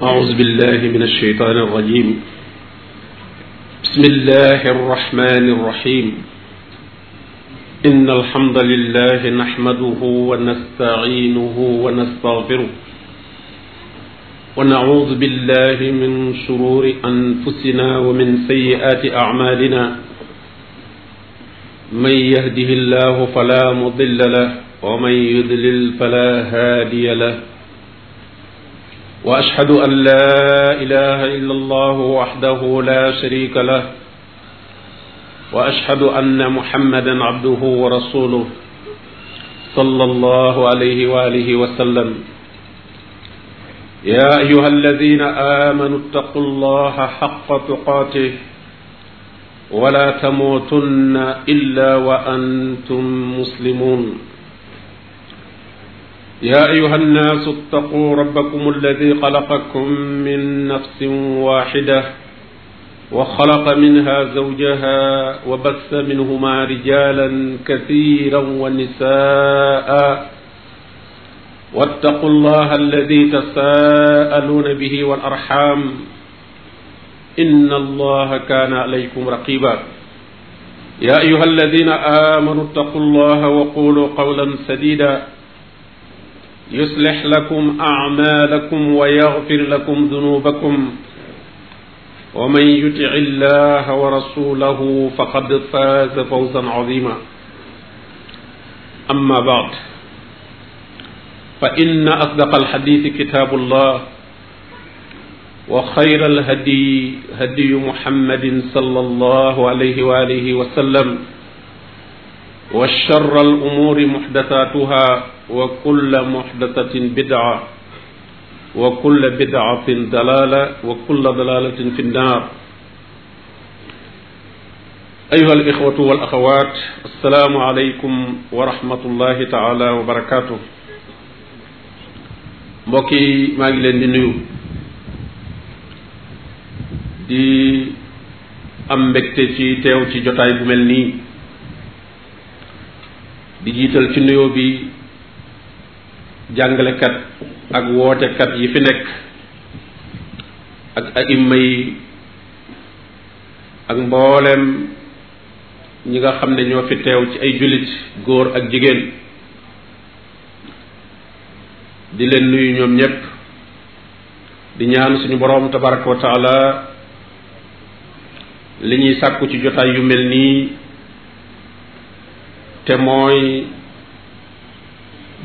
أعوذ بالله من الشيطان الرجيم بسم الله الرحمن الرحيم إن الحمد لله نحمده ونستعينه ونستغفره ونعوذ بالله من شرور أنفسنا ومن سيئات أعمالنا من يهده الله فلا مضل له ومن يضلل فلا هادي له واشهد ان لا اله الا الله وحده لا شريك له واشهد ان محمدا عبده ورسوله صلى الله عليه واله وسلم يا ايها الذين امنوا اتقوا الله حق تقاته ولا تموتن الا وانتم مسلمون yaa ayuha annaasu ttaquu rabbakum alladi xalaqakum min nafsin waaxida wa xalaqa minha zawjaha wa bassa minhuma rijalan kasiiran wa nisaa wattaqu allaha alladi tasaaluuna bihi wal arxaam inna allaha kaana alaykum raqiba yaa ayuha alladina aamanu ttaqu allaha wa qulu qawlan sadida يصلح لكم أعمالكم ويغفر لكم ذنوبكم ومن يطع الله ورسوله فقد فاز فوزا عظيما أما بعد فإن أصدق الحديث كتاب الله وخير الهدي هدي محمد صلى الله عليه وآله وسلم وشر الأمور محدثاتها wa kulla muxdatatin bidaa wa kulla bidaatin dalaala wa kulla dalaalatin fi nnaar ayuha alixwatu walaxawaat assalaamu aleykum wa rahmatullahi taala wa barakaatu mbokk yi maa ngi leen di nuyu di am mbégte ci teew ci jotaay bu mel nii di jiital ci nuyoo bi jàngalekat ak wootekat yi fi nekk ak aimma yi ak mboolem ñi nga xam ne ñoo fi teew ci ay jullit góor ak jigéen di leen nuyu ñoom ñépp di ñaan suñu boroom tabaraka wa taala li ñuy sàkku ci jotaay yu mel nii te mooy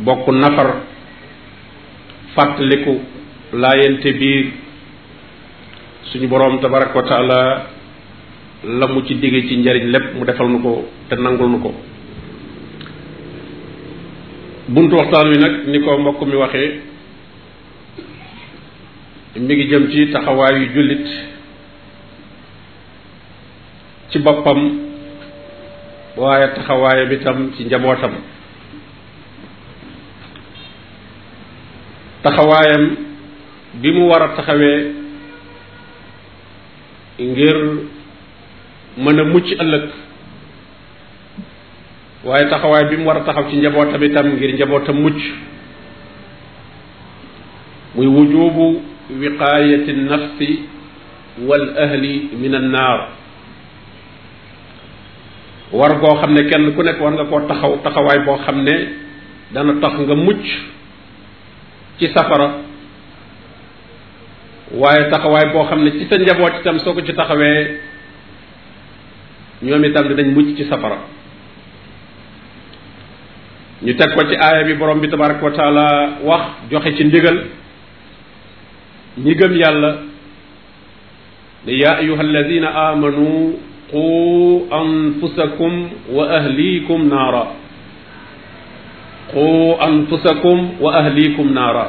bokk nafar fàttaliku laayante biir suñu boroom tabaraka wa taala la mu ci digge ci njariñ lépp mu defal nu ko te nangul nu ko buntu waxtaan wi nag ni ko mbokk mi waxee mi ngi jëm ci taxawaayu jullit ci boppam waaye taxawaayam itam ci njabootam taxawaayam bi mu war a taxawee ngir mën a mucc ëllëg waaye taxawaay bi mu war a taxaw ci njabootam itam ngir njabootam mucc muy wujubu wiqaayati nafsi wal ahli min an naar war goo xam ne kenn ku nekk war nga koo taxaw taxawaay boo xam ne dana tax nga mucc ci safara waaye taxawaay boo xam ne ci sa njaboot itam soo ko ci taxawee ñoom itam dañ mucc ci safara ñu teg ko ci aaya bi borom bi tabaraka wa wax joxe ci ndigal ñi gëm yàlla ne yaa ayuha alladina amanu qu anfusakum wa ahlikum naara qu anfusakum wa ahlikum naara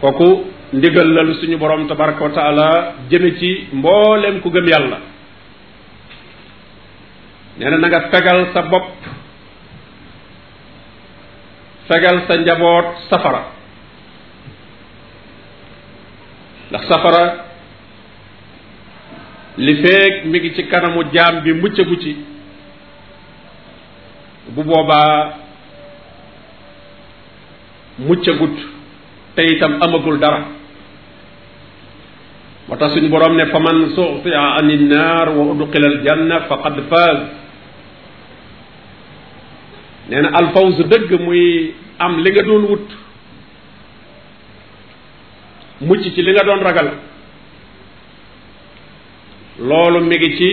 kooku ndigal la suñu boroom tabaraka wa jëme ci mboolem ku gëm yàlla nee na na nga fegal sa bopp fegal sa njaboot safara ndax safara li feeg mi ngi ci kanamu jaam bi muccagu ci bu boobaa muccagut te itam amagul dara moo tax suñu boroom ne fa man suxtia an innaar wa udxila aljanna faqad faaz nee na alfawz dëgg muy am li nga doon wut mucc ci li nga doon ragal loolu mi ngi ci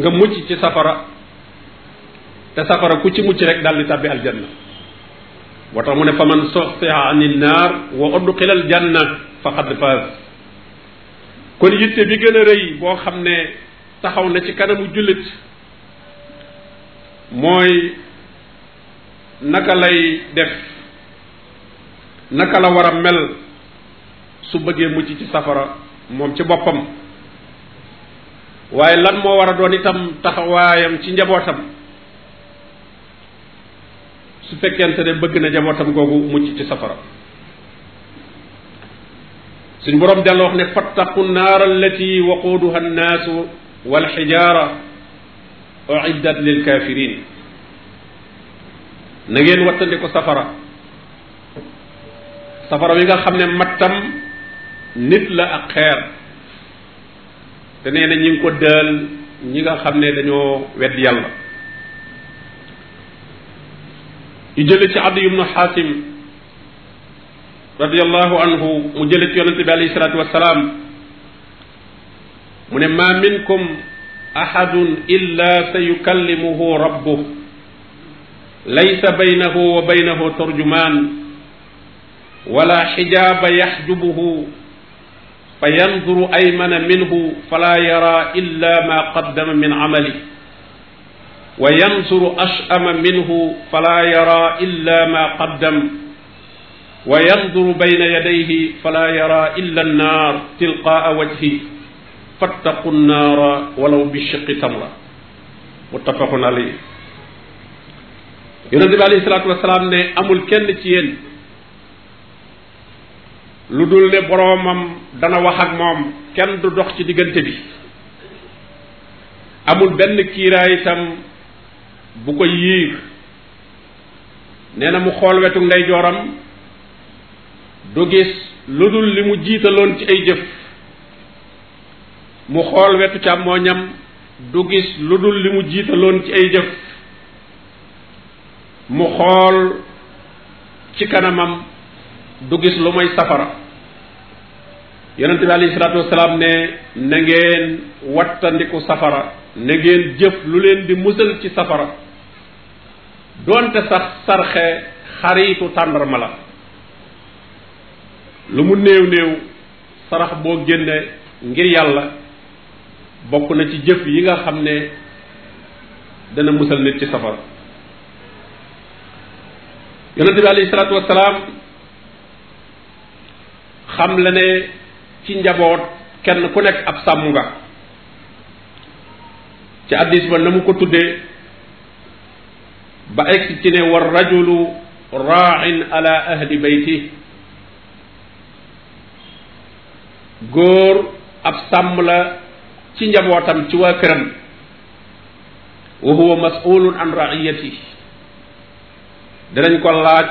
nga mucc ci safara te safara ku ci mucc rek daal di tàbbi aljanna moo tax mu ne fa man soxsiha ani naar wa udxila aljanna faqad faaz kon yitte bi gën a rëy boo xam ne taxaw na ci kanamu jullit mooy naka lay def naka la war a mel su bëggee mucc ci safara moom ci boppam waaye lan moo war a doon itam taxawaayam ci njabootam su fekkente ne bëgg na jabootam googu mucc ci safara suñ boroom dal wax ne fattaqu naar allati waquduha annaasu walxijaara uiddat lil kafirin na ngeen wattandiku safara safara bi nga xam ne mattam nit la ak xeer te nee na ñi ngi ko dël ñi nga xam ne dañoo wedd yàlla ñu jële ci Adiyu bnu Xaatim radiallahu anhu mu jële ci yonente bi alayhi salaatu wassalaam mu ne maa minkum ahadun illa sa yukallimuhu rabbuh laysa baynahu wa baynahu turjumaan wala xijaaba yaxjubuhu fa yanduru aymana minhu fala yara illa ma qaddama min amali wa yansuru ashama minhu fala yara illa ma qaddam wa yanduru bayna yadayhi fala yara illa annaar tilqaa wajhi fattaqu nnaara walaw bishiqi tamra muttafaqun alayhi yonente bi alayhi salaatu wasalaam ne amul kenn ci yéen lu dul ne boroomam dana wax ak moom kenn du dox ci diggante bi amul benn kiiraay itam bu ko yiir nee na mu xool wetu ndeyjooram du gis lu jiitaloon ci ay jëf mu xool wetu càmmooñam du gis lu dul li mu jiitaloon ci ay jëf mu xool ci kanamam du gis lu may safara yonente bi alayhi ne na wattandiku safara na ngeen jëf lu leen di musal ci safara doonte sax sarxe xaritu tàndarma la lu mu néew néew sarax boo génne ngir yàlla bokk na ci jëf yi nga xam ne dana musal nit ci safara yonente bi alayhi salaatu wasalaam xam la ne ci njaboot kenn ku nekk ab sàmm nga ci addis ba na mu ko tuddee ba egg ci ne war rajulu raain ala ahli bayti góor ab sàmm ci njabootam ci waa këram wa huwa masulun an raiyati danañ ko laaj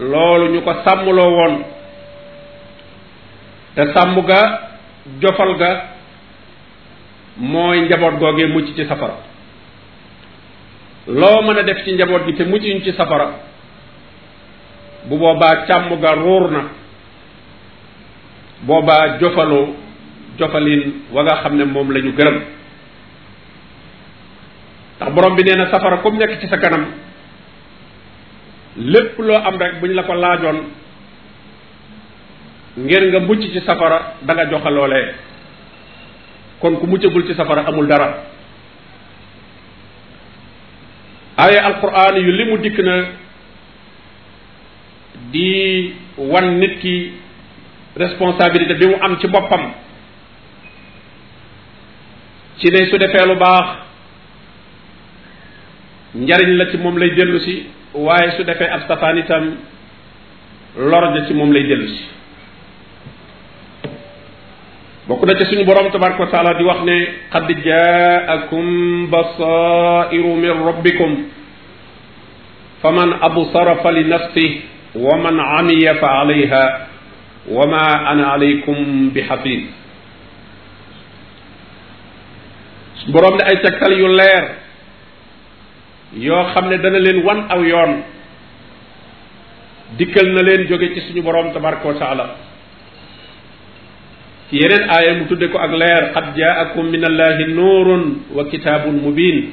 loolu ñu ko sàmmloo woon te sàmm ga mooy njaboot googee mucc ci safara loo mën a def ci njaboot gi te muccuñ ci safara bu boobaa càmm ga ruur na boobaa jofaloo jofalin wa nga xam ne moom lañu ñu gërëm ndax borom bi nee na safara comme nekk ci sa kanam lépp loo am rek bu ñu la ko laajoon ngeen nga mucc ci safara da joxaloole kon ku muccagul ci safara amul dara aaya alquran yu li mu dikk na di wan nit ki responsabilité bi mu am ci boppam ci ne su defee lu baax njariñ la ci moom lay dellu si waaye su defee ab safaan itam lor ci moom lay dellu si bokk na ci suñu borom tabaraka wa taala di wax ne xad jaakum basairu min rabbikum faman absara fa li nafsi wa fa alayha wa ana alaykum bi xafiz borom ne ay tegtal yu leer yoo xam ne dana leen wan aw yoon dikkal na leen jóge ci suñu borom tabaraka wa taala ci yeneen mu tudde ko ak leer qad jaakum min allahi nuurun wa kitaabun mubin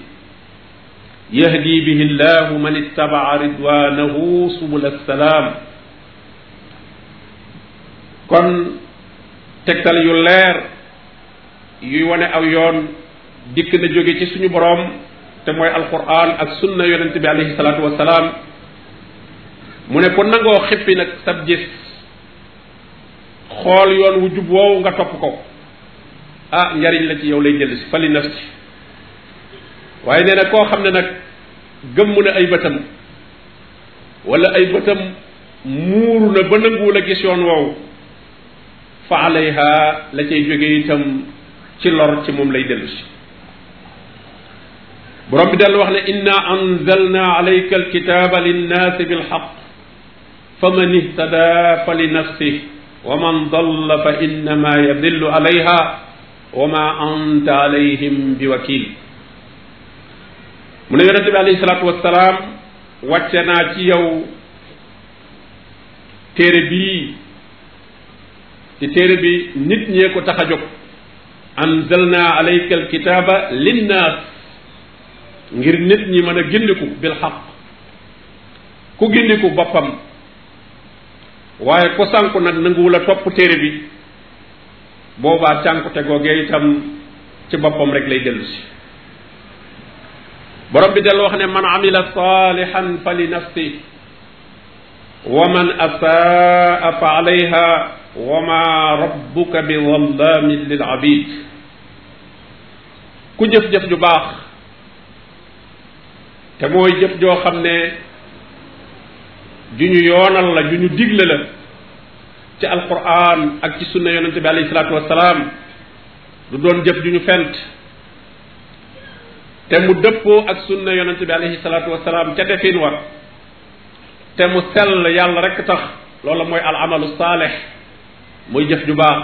yahdi bihi llahu man ittabaa ridwanahu subul assalaam kon tegtal yu leer yu wane aw yoon dikk na jóge ci suñu boroom te mooy alquran ak sunna yonent bi alayhi salaatu wassalaam mu ne ko nangoo xippi nag sab gis xool yoon wu jub woowu nga topp ko ah njariñ la ci yow lay dellu si fali naf ci waaye nee na koo xam ne nag gëmm na ay bëtam wala ay bëtam muuru na ba nanguwul a gis yoon woowu fa alayha la cay jóge itam ci lor ci moom lay dellu si borom bi dal wax ne inna anzalna alayka alkitaba linnaasi bilxaq fa man ihtada fa li nafsih wa man dalla fa innama yadillu alayha wa ma anta alayhim bi wakil mu ne yonente bi alayhi salaatu wassalaam wàcce naa ci yow téere bii ci téere bi nit ñee ko tax a jóg anzalna alayka alkitaaba linnaas ngir nit ñi mën a gindiku bil xaq ku gindiku boppam waaye ku sànku na nanguwul a topp téere bi boobaa cànkute googee ci boppam rek lay dellu si borom bi dellu wax ne man amila salihan fa li nafsi wa asaa fa alayha wa ma bi zallamin lil abid ku jëf-jëf ju baax te mooy jëf joo xam ne ju ñu yoonal la ju ñu digle la ci alquran ak ci sunna yonente bi alayhi wassalaam du doon jëf ju ñu fent te mu dëppoo ak sunna yonente bi alayhi salaatu wassalaam ca defin wa te mu sell yàlla rekk tax loola mooy al amalu saalih mooy jëf ju baax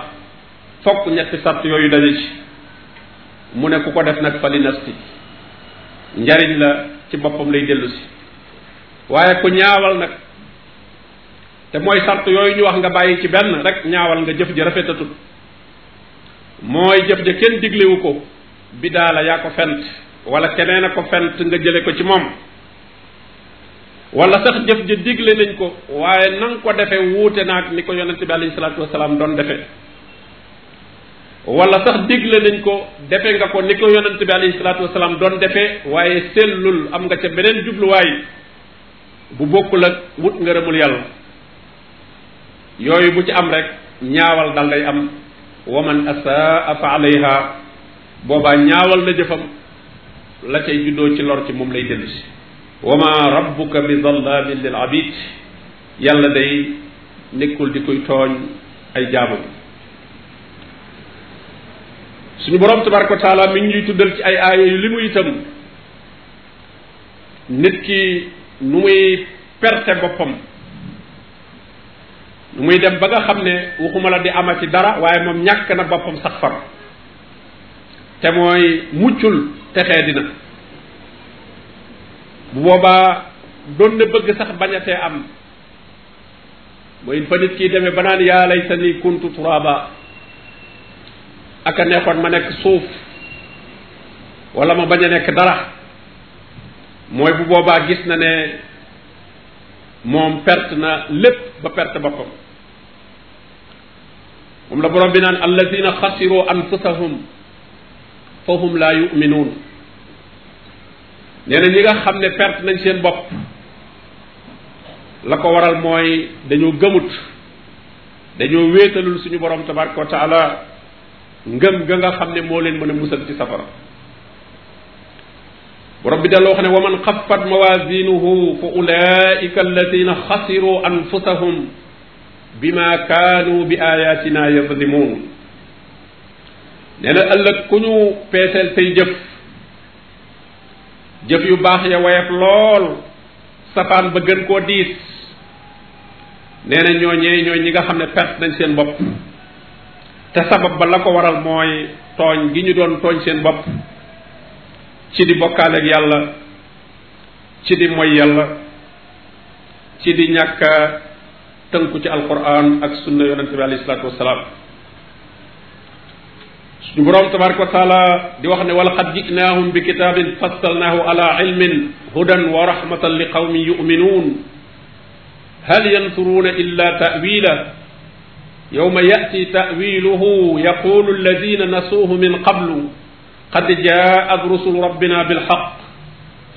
fokk ñetti sart yooyu daje ci mu ne ku ko def nag fa li njariñ la ci boppam lay dellu si waaye ku ñaawal nag te mooy sart yooyu ñu wax nga bàyyi ci benn rek ñaawal nga jëf ji rafetatul mooy jëf ja kenn diglewu ko bi daala yaa ko fent wala keneen a ko fent nga jële ko ci moom wala sax jëf ja digle nañ ko waaye na nga ko defe wuute naag ni ko yonente bi alayhi salaatu wasalaam doon defe wala sax digle nañ ko defe nga ko ni ko yonente bi alayhi salaatu wasalaam doon defe waaye sellul am nga ca beneen jubluwaay bu bokkul ak wut nga ngërëmul yàlla yooyu bu ci am rek ñaawal dal day am wa man asaa fa alayha boobaa ñaawal na jëfam la cay juddoo ci lor ci moom lay dellu si wa ma rabbuka bi zallamin lil abid yàlla day nekkul di kuy tooñ ay jaamam suñu borom tabaraka wa taala mi ngi ñuy tuddal ci ay aaya yu li mu itam nit ki nu muy perte boppam muy dem ba nga xam ne waxuma la di ama ci dara waaye moom ñàkk na boppam sax far te mooy muccul texee dina bu boobaa doon na bëgg sax bañatee am mooy fa nit kiy demee ba naan yaa lay sa ni kuntu turaba ak a neexoon ma nekk suuf wala ma bañ a nekk dara mooy bu boobaa gis na ne moom perte na lépp ba perte boppam moom la borom bi naan allazina xasiru anfusahum fahum laa yuminuun nee na ñi nga xam ne perte nañ seen bopp la ko waral mooy dañoo gëmut dañoo wéetalul suñu borom tabaraka wa taala ngëm ga nga xam ne moo leen mën a musal ci safara borom bi delloo wax ne wa man xaffat mawazinuhu fa ulaika alladina xasiru anfusahum bima kaanu bi ayatina yazlimuun nee na ëllëg ku ñu peeseel say jëf jëf yu baax ya woyof lool safaan ba gën koo diis nee na ñooñee ñooy ñi nga xam ne perte nañ seen bopp te sabab ba la ko waral mooy tooñ gi ñu doon tooñ seen bopp ci di bokkaale yàlla ci di moy yàlla ci di ñàkk tënku ci alquran ak sunna yonent bi alayhi salaatu wasalaam suñu boroom tabaraka wa taala di wax ne wala xad jinahum bi kitaabin fassalnaahu ala ilmin hudan wa rahmatan li qawmin yuminuun hal yansuruuna illa ta'wila yowma ya'ti ta'wiluhu yaqulu alladina nasuuhu min qablu qad jaa'at rusulu rabbina bilhaq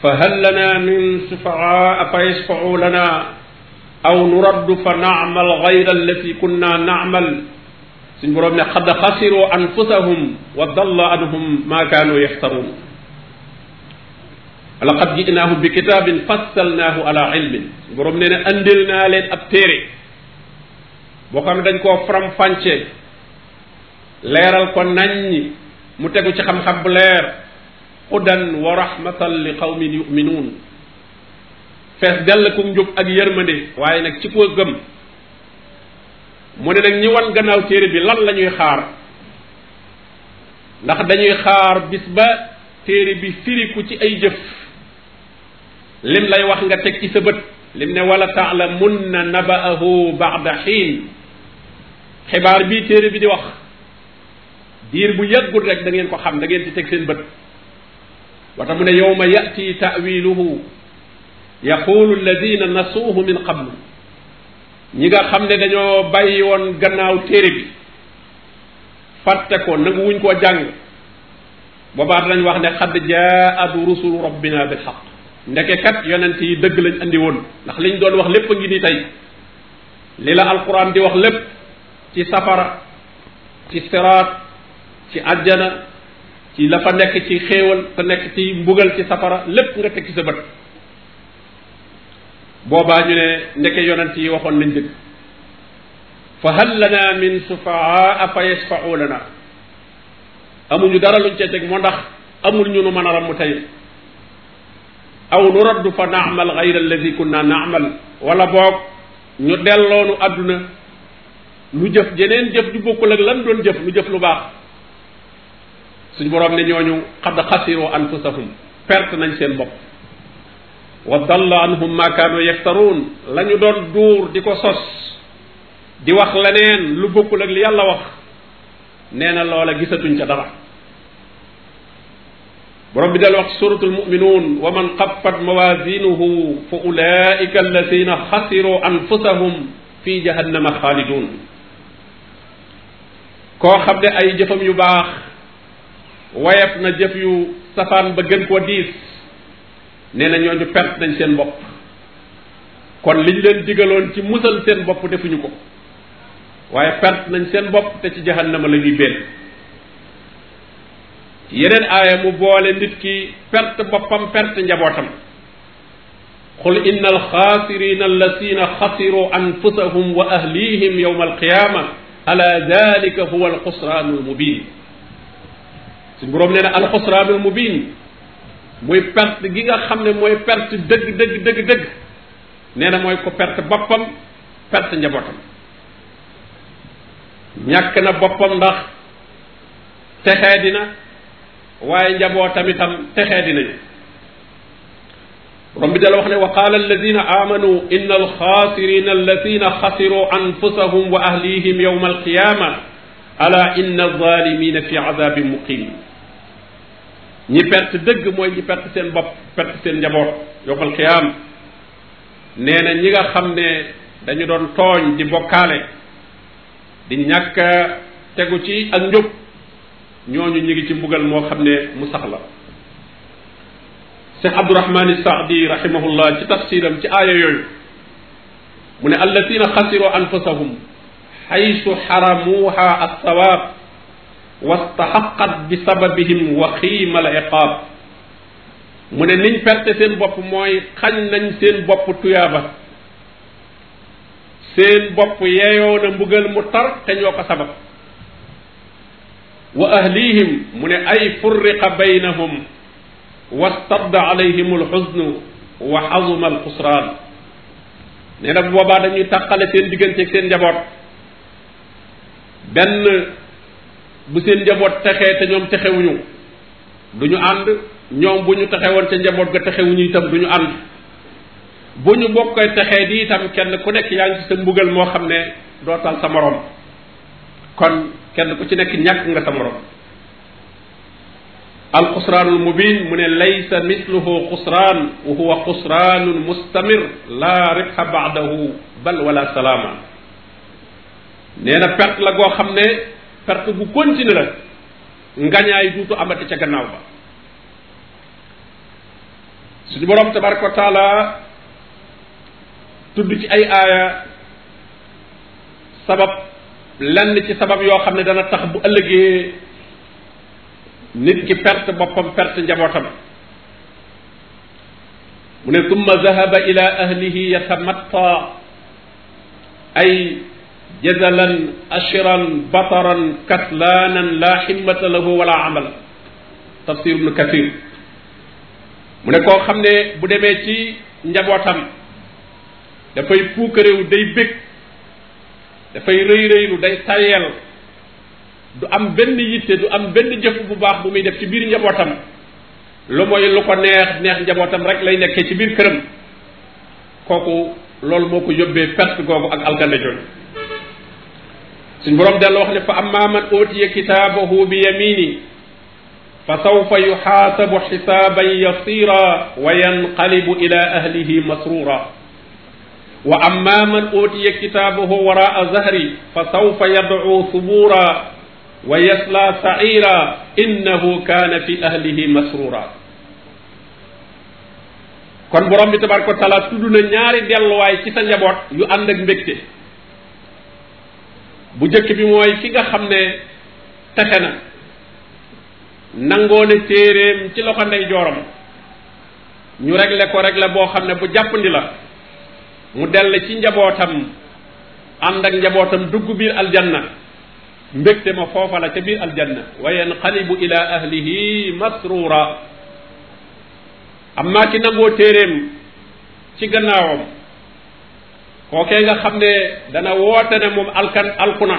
fa hal lana min shufa'a fa yashfa'u lana aw nu raddu fa naamal gayra allati kunna naamal suñ boroom ne xad xasiroo anfusahum wa dalla anhum maa kaanu yaxtaruun laqad jinaahu bi kitaabin fassalnaahu ala ilmin suñ boroom nee na andil naa leen ab téere boo xam ne dañ koo faram fànce leeral ko naññ mu tegu ci xam-xam bu leer hudan wa rahmatan li qawmin yuminuun fees dell ku njub ak yërmande waaye nag ci ko gëm mu ne nag ñi wan gannaaw téere bi lan la ñuy xaar ndax dañuy xaar bis ba téere bi firiku ci ay jëf lim lay wax nga teg ci sa bët lim ne wala taalamunna naba'ahu ba'da xiin xibaar bii téere bi di wax diir bu yàggul rek da ngeen ko xam dangeen ngeen ci teg seen bët wata mu ne yawma ya'ti ta'wiluhu yaqulu alladina nasuuhu min qablu ñi nga xam ne dañoo bàyyi woon gannaaw téere bi fàtte ko nangu wuñ koo jàng boobaa danañ wax ne xad jaat rusulu rabbina bil xaq ndeke kat yonent yi dëgg lañ indi woon ndax li liñ doon wax lépp a ngi ni tey li la alquran di wax lépp ci safara ci siraat ci ajjana ci la fa nekk ci xéewal te nekk ci mbugal ci safara lépp nga teg ci sa bët boobaa ñu ne ndeke yonent yi waxoon nañ dëgg fa hal lana min sufaa fa yasfau lana amuñu dara luñ cee teg moo ndax amul ñu nu mën a ramm tey aw nu raddu fa naamal gayra alladi kunna naamal wala boog ñu delloonu àdduna nu jëf jeneen jëf ju bokkul ak lan doon jëf nu jëf lu baax suñu boroom ne ñooñu xad xasiroo anfusahum perte nañ seen bopp wa dalla anhum ma kaanu yaftaruun la ñu doon duur di ko sos di wax leneen lu bokkul ak li yàlla wax nee na loola gisatuñ ca dara borom bi dal wax suratul muminuun wa man xaffat mawazinuhu fa ulaika alladina xasiru anfusahum fi jahannama xaalidun koo xam ne ay jëfam yu baax wayef na jëf yu safaan ba gën koo diis nee na ñooñu perte nañ seen bopp kon liñ leen digaloon ci musal seen bopp defuñu ko waaye perte nañ seen bopp te ci jahannama la ñuy benn yeneen aaya mu boole nit ki perte boppam perte njabootam qul inna alxaasirina allasina xasiru anfusahum wa ahlihim yowma alqiyama ala dalika huwa alxusraanu almubin suñ boroom nee na alxusraanu almubin muy perte gi nga xam ne mooy perte dëgg dëgg dëgg dëgg nee na mooy ko perte boppam perte njabootam ñàkk na boppam ndax texee dina waaye njabootam itam texee dinañu borom bi dala wax ne wa qaala alladina amanu inna alxaasirina alladina xasiru anfusahum wa ahlihim yawma alqiyama ala inna alzalimina fi azabin muqim ñi perte dëgg mooy ñi perte seen bopp perte seen njaboot yowmal xiyaam nee na ñi nga xam ne dañu doon tooñ di bokkaale di ñàkk tegu ci ak njub ñooñu ñu ngi ci mbugal moo xam ne mu sax la cheikh abdourahmani saadi rahimahullah ci tafsiram ci aaya yooyu mu ne allatina xasiroo anfusahum xaysu xaramuha alsawaab wastaxaqat bi sababihim wa xiimal iqaab mu ne niñ perte seen bopp mooy xañ nañ seen bopp tuyaaba seen bopp yeeyoo na mbugal mu tar te ñoo ko sabab wa ahlihim mu ne ay furriqa baynahum wastadda alayhim alxusnu wa xazuma alxusraan nee na boobaa dañuy tàqale seen diggante seen njaboot ben bu seen njaboot texee te ñoom texewuñu du ñu ànd ñoom bu ñu texewoon ca njaboot ga texewuñu itam du ñu ànd bu ñu bokkee texee di itam kenn ku nekk yaa ngi ci sa mbugal moo xam ne doo tal sa morom kon kenn ku ci nekk ñàkk nga sa morom alxusraanul mubin mu ne laysa misluhu xusraan wa huwa xusraanun mustamir laa ribha baadahu bal wala salaama nee na la goo xam ne perte bu continue la ngañaay duutu amati ca gannaaw ba suñu borom tabaraka wa taala tudd ci ay aaya sabab lenn ci sabab yoo xam ne dana tax bu ëllëgee nit ki perte boppam perte njabootam mu ne tumma zahaba ila ahlihi yatamatta ay jadalan ashiran bataran kaslaanan laa himmata lahu wala amala tafsir ibnu kasir mu ne koo xam ne bu demee ci njabootam dafay puukaréewu day bég dafay rëy rëylu day tayel du am benn yitte du am benn jëf bu baax bu muy def ci biir njabootam lu mooy lu ko neex neex njabootam rek lay nekkee ci biir këram kooku loolu moo ko yóbbee perte googu ak alkande jooju suñ borom dellu wax ne fa amma man utiya kitaabahu bi yamini fa sawfa yuxaasabu xisaaban ila ahlihi masrura wa amma man utiya kitaabahu waraa zahri fa sawfa fi ahlihi masrura kon borom bi tabaraka wa taala na ñaari delluwaay ci sa njaboot yu ànd ak bu njëkk bi mooy ki nga xam ne texe na nangoo ne téeréem ci loxo ndey ñu regle ko regle boo xam ne bu jàppandi la mu dell ci njabootam àndak njabootam dugg biir aljanna mbégte ma foofa la ca biir aljanna wa yanqalibu ila ahlihi masrura amma ki nangoo téeréem ci gannaawam kookee nga xam ne dana woote ne moom alkan alkuna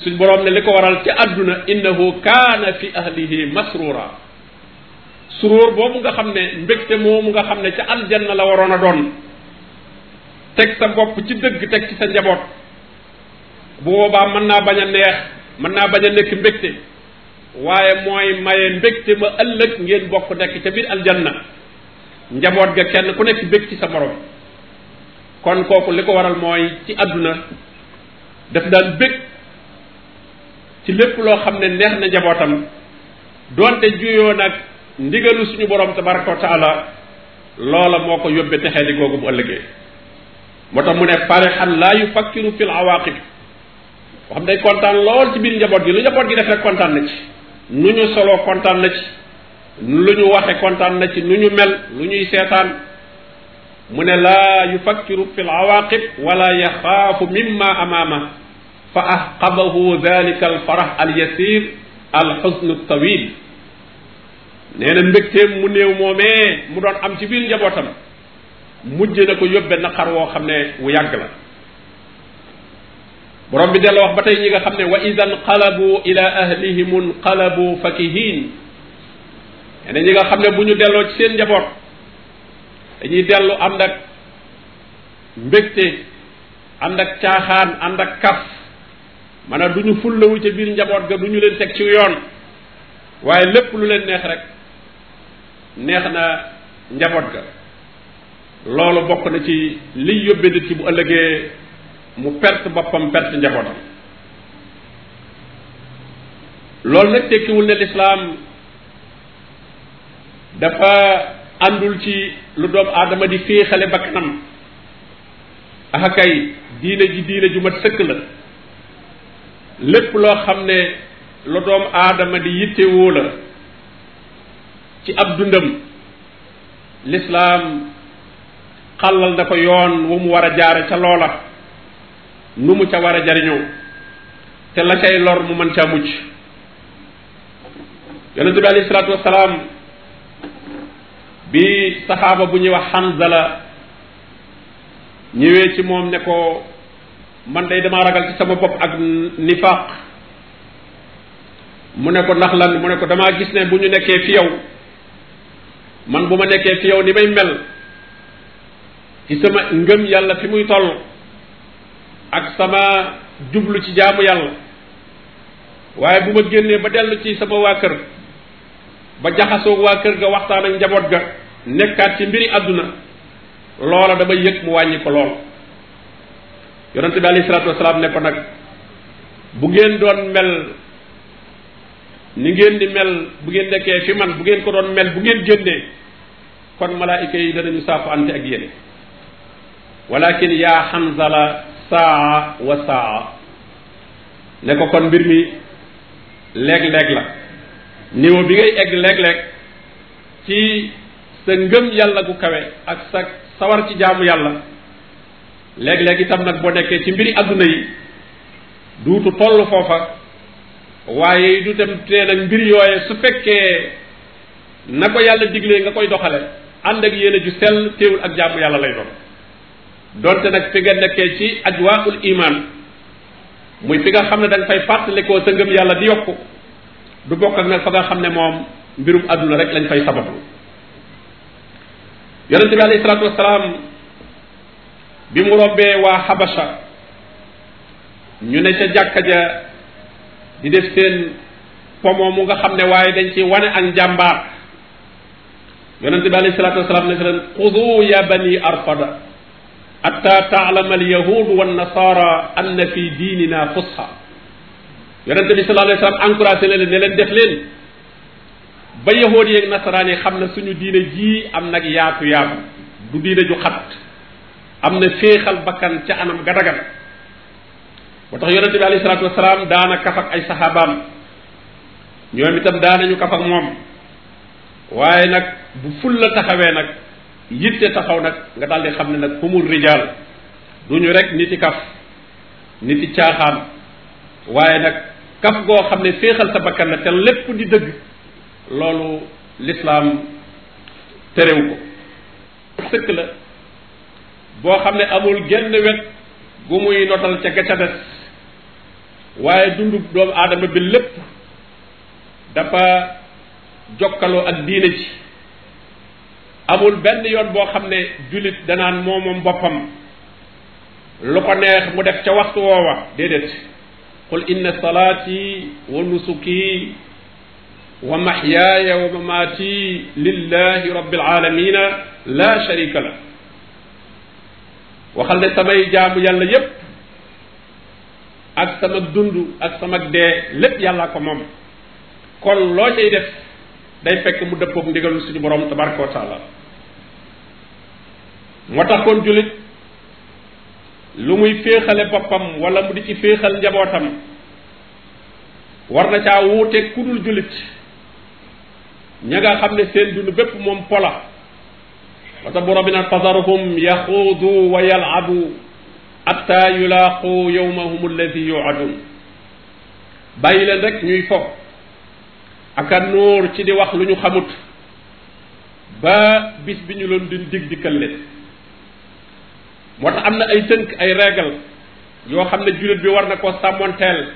suñ boroom ne li ko waral ci àdduna innahu kaan fi ahlihi masrura suróor boobu nga xam ne mbégte moomu nga xam ne ca aljanna la waroon a doon teg sa bopp ci dëgg teg ci sa njaboot bu boobaa mën naa bañ a neex mën naa bañ a nekk mbégte waaye mooy maye mbégte ma ëllëg ngeen bokk nekk ca biir aljanna njaboot ga kenn ku nekk bég ci sa morom kon kooku li ko waral mooy ci àdduna def daan bég ci lépp loo xam ne neex na njabootam doonte juyoo nag ndigalu suñu borom tabaraka wa taala loola moo ko yóbbee texee di googu bu ëllëgee moo tax mu ne farixan laa yufakkiru fil awaqib boo xam day kontaan lool ci biir njaboot gi lu njaboot gi def rek kontaan na ci nu ñu soloo kontaan na ci lu ñu waxe kontaan na ci nu ñu mel lu ñuy seetaan mu ne laa yufakkiru fi lawaqib wala yaxaafu mimma amaama fa ahqabahu dalika alfarax alyasir alxusnu tawil nee na mbégteem mu néew moomee mu doon am ci biir njabootam mujj na ko yóbbe naqar woo xam ne wu yàgg la borom bi delloo wax ba tey ñi nga xam ne wa ida nqalabu ila ahlihim nqalabu fakihin nee na ñi nga xam ne bu ñu delloo ci seen njaboot dañuy dellu ànd ak mbégte ànd ak caaxaan ànd ak kaf maanaam du ñu fullawu ca biir njaboot ga du ñu leen teg ci yoon waaye lépp lu leen neex rek neex na njaboot ga loolu bokk na ci liy yóbbe nit ki bu ëllëgee mu perte boppam perte njabootam loolu nag tekkiwul ne lislaam dafa àndul ci lu doom aadama di féexale bakkanam akay diine ji diine ju mat sëkk la lépp loo xam ne lu doomu aadama di yittewoo la ci ab dundam lislaam xàllal na ko yoon wu mu war a jaare ca loola nu mu ca war a jariñoo te la cay lor mu mën ca mucc yonente bi alayhi salaatu wasalaam bi saxaaba bu ñuy wax Hanzala ñëwee ci moom ne ko man day damaa ragal ci sama bopp ak nifaq mu ne ko ndax lan mu ne ko damaa gis ne bu ñu nekkee fi yow man bu ma nekkee fi yow ni may mel ci sama ngëm yàlla fi muy toll ak sama jublu ci jaamu yàlla waaye bu ma génnee ba dellu ci sama waa kër ba jaxasoog waa kër ga waxtaan ak njaboot ga nekkaat ci mbiri àdduna loola dama yëg mu wàññi ko lool yonente bi alayhi salaatu wasalaam ne ko nag bu ngeen doon mel ni ngeen di mel bu ngeen nekkee fi man bu ngeen ko doon mel bu ngeen génnee kon malaayika yi danañu saafu ante ak yéene walakin yaa xanzala saa wa saa ne ko kon mbir mi léeg-léeg la niveau bi ngay egg léeg-léeg ci sa ngëm yàlla gu kawe ak sa sawar ci jaamu yàlla léeg-léeg itam nag boo nekkee ci mbiri àdduna yi duutu toll foofa waaye du dem tee nag mbir yooye su fekkee na ko yàlla diglee nga koy doxale ànd ak yéene ju sell teewul ak jaamu yàlla lay doon donte nag fi nga nekkee ci ajwaul iman muy fi nga xam ne da fay fàttalikoo sa ngëm yàlla di yokk du bokk ak nag nga xam ne moom mbirum àdduna rek lañ fay sabablu yonente bi alayhi salaatu wasalaam bi mu robbee waa xabasha ñu ne ca di def seen pomo mu nga ne waaye dañ ci wane ak njàmbaar yonente bi alayhi salaatu wasalaam ne fi leen xudu ya bani arfada hatta taalama alyahudu wannasara anna fi diinina fusxa yonente bi sallallahu alayhi wasallam encouragé na leen ne leen def leen ba yahood yeeg nasaraan yi xam na suñu diine jii am nag yaatu yaatu du diine ju xat am na féexal bakkan ca anam gadagat ba tax yonente bi alayhi salaatu wasalaam daana kaf ak ay saxaabaam ñoom itam daanañu kaf ak moom waaye nag bu ful la taxawee nag yitte taxaw nag nga daal di xam ne nag humul rijaal duñu rek niti kaf nit caaxaan waaye nag kaf goo xam ne féexal sa bakkan la te lépp di dëgg loolu lislaam terew ko sëkk la boo xam ne amul genn wet gu muy notal ca gàcca waaye dundu doomu aadama bi lépp dafa jokkaloo ak diine ji amul benn yoon boo xam ne jullit danaan moomoom boppam lu ko neex mu def ca waxtu woowa déedéet qul inna salaati wa nusuki wa mahyaaya wa mamaati lillahi rabbil aalamiina laa sharika la waxal ne samay jaamu yàlla yépp ak sama dund ak sama dee lépp yàllaa ko moom kon loo cay def day fekk mu dëppook ndigalul suñu borom tabaraka wa taala moo tax kon jullit lu muy féexale boppam wala mu di ci féexal njabootam war na caa wuuteeg ku dul jullit ña nga xam ne seen dund bépp moom pola wata borom bi naan fazaruhum yaxuudu wa yalabu atta yulaaqu yowmahum alladi yuadun bàyyi leen rek ñuy fo ak a nóor ci di wax lu ñu xamut ba bis bi ñu leen di dig dikkal leen moo tax am na ay tënk ay règle yoo xam ne jullit bi war na ko sàmmonteel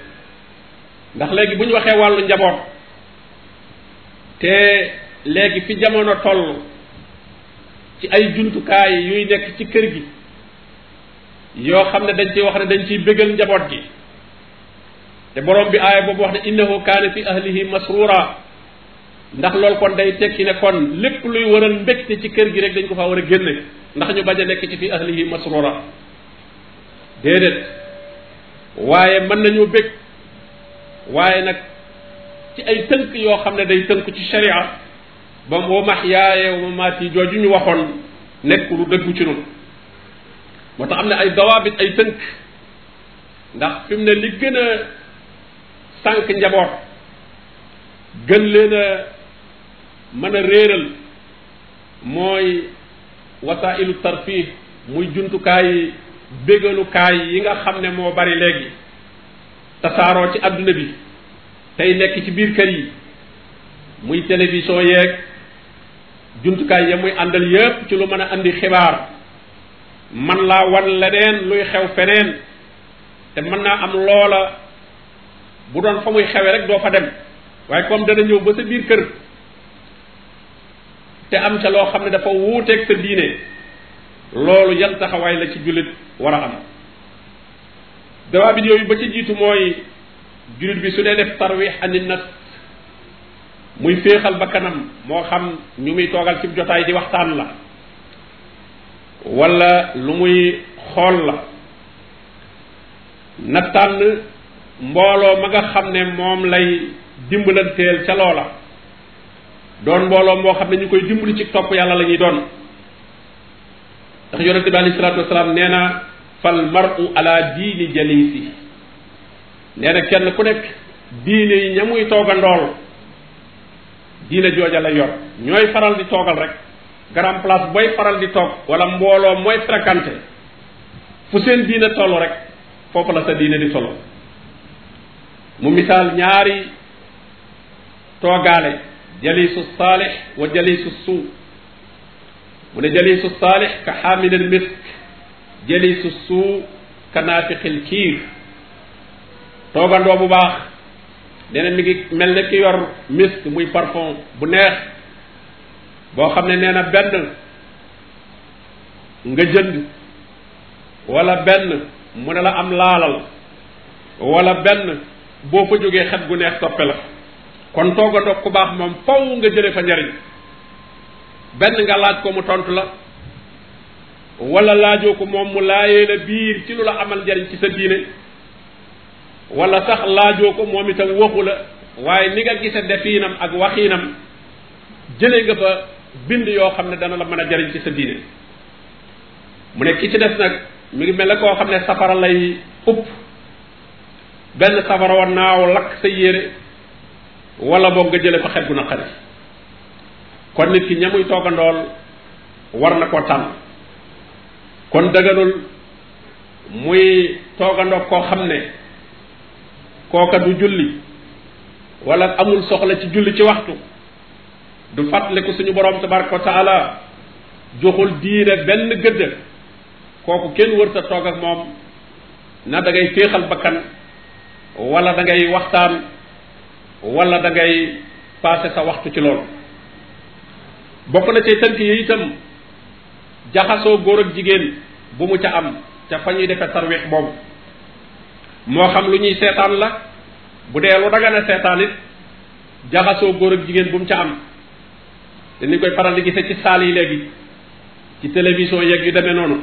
ndax léegi bu ñu waxee wàllu njaboot te léegi fi jamono toll ci ay jumtukaay yuy nekk ci kër gi yoo xam ne dañ ciy wax ne dañ ciy bëggal njaboot gi te borom bi aaya boobu wax ne innahu kaana fi ahlihi masrura ndax loolu kon day tekki ne kon lépp luy waral mbégte ci kër gi rek dañ ko faa war a génne ndax ñu bañ a nekk ci fi ahlihi masrura déedéet waaye mën nañu bég waaye nag ci ay tënk yoo xam ne day tënk ci sharia ba wa mahyaaya wa mamaati jooju ñu waxoon nekk lu dëggu ci noonu moo tax am na ay dawaabit ay tënk ndax fi ne li gën a sànq njaboot gën leen a mën a réeral mooy wasailu tarfih muy jumtukaay bégalukaay yi nga xam ne moo bari léegi tasaaroo ci àdduna bi tey nekk ci biir kër yi muy télévision yeeg jumtukaay ya muy àndal yépp ci lu mën a indi xibaar man laa wan leneen luy xew feneen te mën naa am loola bu doon fa muy xewee rek doo fa dem waaye comme dana ñëw ba sa biir kër te am ca loo xam ne dafa wuuteeg sa diine loolu yan taxawaay la ci jullit war a am dawaabit yooyu ba ci jiitu mooy jullit bi su dee def tarwix ani nas muy féexal ba kanam moo xam ñu muy toogal ci jotaay di waxtaan la wala lu muy xool la na tànn mbooloo ma nga xam ne moom lay dimbalanteel ca loola doon mbooloo moo xam ne ñu koy dimbali ci topp yàlla la ñuy doon ndax yonente bi alayhi salaatu nee na fal mar'u ala diini jalisi nee na kenn ku nekk diine yi ña muy toog a ndool diine jooja la yor ñooy faral di toogal rek grand place booy faral di toog wala mbooloo mooy fréquenté fu seen diine toll rek foofu la sa diine di solo mu misaal ñaari toogaale jalisu saalix wa jalisu suu mu ne jalisu saalix ka xaamilal misk jalisu suu ka naafiqil kiir toogandoo bu baax nee na mi ngi mel ne ki yor misk muy parfum bu neex boo xam ne nee na benn nga jënd wala benn mu ne la am laalal wala benn boo fa jógee xet gu neex soppe la kon toog a dog ku baax moom faw nga jële fa njariñ benn nga laaj ko mu tontu la wala laajoo ko moom mu laayee la biir ci lu la amal njariñ ci sa diine wala sax laajoo ko moom itam waxu la waaye ni nga gise defiinam ak waxiinam jële nga fa bind yoo xam ne dana la mën a jariñ ci sa diine mu ne ki ci des nag mu ngi mel ne koo xam ne safara lay upp benn safara wa naaw lakk sa yére wala boog nga jëlee fa xet gu naqari kon nit ki ñamuy toogandool war na koo tànn kon daganul muy toogandoog koo xam ne kooka du julli wala amul soxla ci julli ci waxtu du fàttaliku suñu borom tabaraka wa taala joxul diine benn gëdd kooku kenn wërta toog ak moom na dangay ngay féexal bakkan wala dangay ngay waxtaan walla da ngay passé sa waxtu ci loolu bokk na ci tënk yi itam jaxasoo góor ak jigéen bu mu ca am ca fa ñuy defee tarwix boobu moo xam lu ñuy seetaan la bu dee lu dagan a seetaan it jaxasoo góor ak jigéen bu mu ca am te ni koy faral di gise ci saal yi léegi ci télévision yeeg yu demee noonu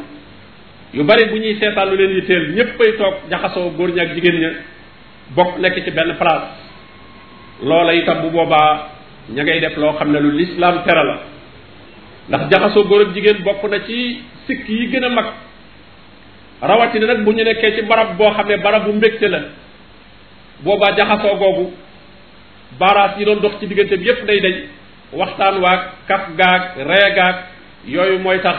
yu bari bu ñuy seetaan lu leen yitteel ñéppay toog jaxasoo góor ñi ak jigéen ña bokk nekk ci benn place loola itam bu boobaa ña ngay def loo xam ne lu lislaam tere la ndax jaxasoo góor ak jigéen bokk na ci sikk yi gën a mag rawatina nag bu ñu nekkee ci barab boo xam ne barab bu mbégte la boobaa jaxasoo googu baaraas yi doon dox ci diggante bi yépp day dañ waxtaan waag kaf gaag ree gaag yooyu mooy tax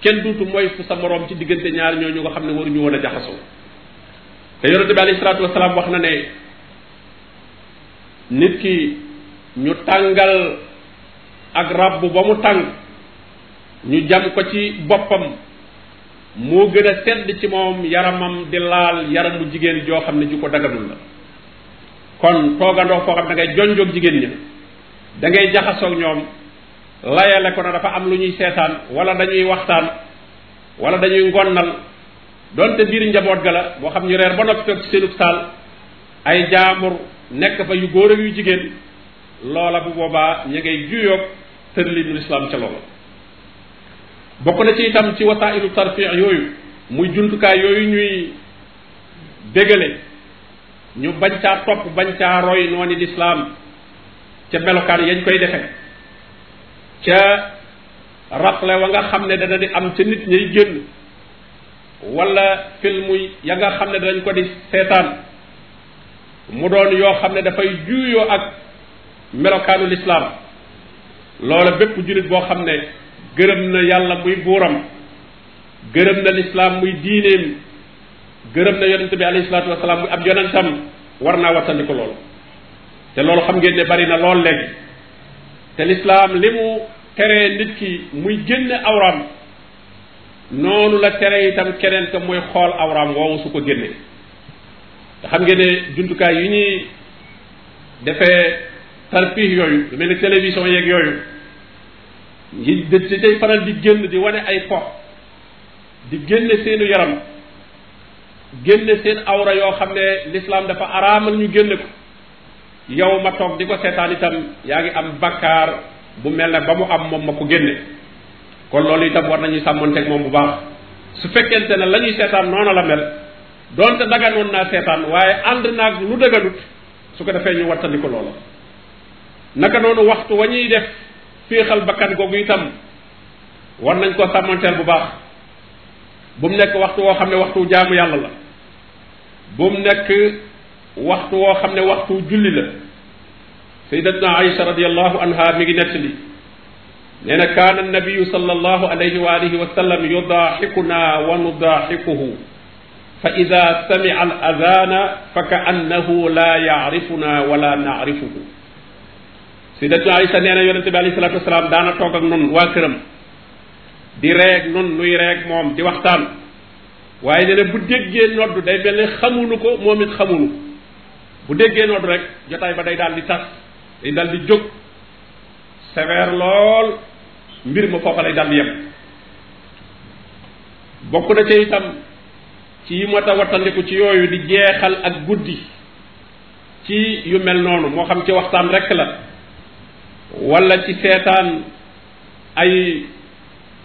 kenn duutu mooy fu sa moroom ci diggante ñaar ñoo ñu nga xam ne waruñu woon a jaxasoo te yonente bi alayhi salaatu wasalaam wax na ne nit ki ñu tàngal ak rab ba mu tàng ñu jam ko ci boppam moo gën a sedd ci moom yaramam di laal bu jigéen joo xam ne ju ko daganul la kon toogandoo foo xam da ngay jonjoog jigéen ña dangay ngay jaxasoog ñoom layale ko na dafa am lu ñuy seetaan wala dañuy waxtaan wala dañuy ngonnal donte biir njaboot ga la boo xam ñu reer ba noppi toog seenub saal ay jaamur nekk ba yu góor yu jigéen loola bu boobaa ña ngay juyoog tërlinu lislaam ca loola bokk na ci itam ci watailu tarfi yooyu muy jumtukaay yooyu ñuy bégale ñu bañ caa topp bañ caa roy noonu lislaam ca melokaan yañ koy defe ca rappelé wa nga xam ne dana di am ca nit ñay génn wala film ya nga xam ne danañ ko di seetaan mu doon yoo xam ne dafay juuyoo ak melokaanu lislaam loola bépp jullit boo xam ne gërëm na yàlla muy buuram gërëm na lislaam muy diineem gërëm na yonente bi alayhi salaatu muy ab yonentam war naa wattandiku loolu te loolu xam ngeen bari na lool léegi te lislaam li mu teree nit ki muy génne awraam noonu la tere itam keneen ka muy xool awraam woowu su ko génne xam ngeen ne jumtukaay yu ñuy defee tarpix yooyu lu mel ne télévision yeeg yooyu yi di day faral di génn di wane ay po di génne seenu yaram génne seen awra yoo xam ne lislaam dafa araamal ñu génne ko yow ma toog di ko seetaan itam yaa ngi am bakkaar bu mel ne ba mu am moom ma ko génne kon loolu itam war nañuy sàmmonteeg moom bu baax su fekkente ne lañuy ñuy seetaan noonu la mel doonte daganoon naa seetaan waaye ànd naag lu dëganut su ko defee ñu wattandi ko loola naka noonu waxtu wa ñuy def féexal bakkan googu itam war nañ ko sàmmanteel bu baax bu mu nekk waxtu woo xam ne waxtu jaamu yàlla la bu mu nekk waxtu woo xam ne waxtu julli la sayyidatuna Aïcha radiyallahu anha mi ngi nettali nee na kaana nabiyu sallallahu alayhi wa alihi wa sallam yudaaxikuna wa nudaaxikuhu fa ida samia al adana fa ka annahu la yaarifuna wala naarifuhu sidatu Aïsa nee na yonente bi alayhi salatu wasalaam daana toog ak nun waa këram di reeg nun nuy reeg moom di waxtaan waaye nee na bu déggee nodd day mel ne xamunu ko moom it xamunu ko bu déggee nodd rek jotaay ba day daal di tas day daal di jóg sévère lool mbir ma foofa lay daal di yem bokk na ca itam ci mat a wattandiku ci yooyu di jeexal ak guddi ci yu mel noonu moo xam ci waxtaan rekk la walla ci seetaan ay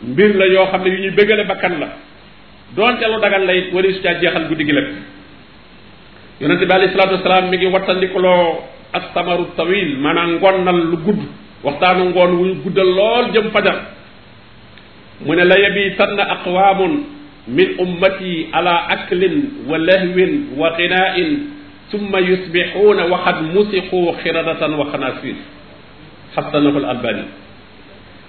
mbir la yoo xam ne yu ñuy bëggale bakkan la donte lu dagan lay wari su caa jeexal guddi gi lépp yonente bi alayhi salaatu wasalaam mi ngi wattandikuloo astamaru tawil maanaam ngonnal lu gudd waxtaanu ngoon wu ñu guddal lool jëm fajar mu ne la yebi tann aqwaamun min ummati ala aklin wa lahwin wa xinaa'in summa yusbixuuna waxat musiqu xiradatan wa xanaasiir xasanahu al albani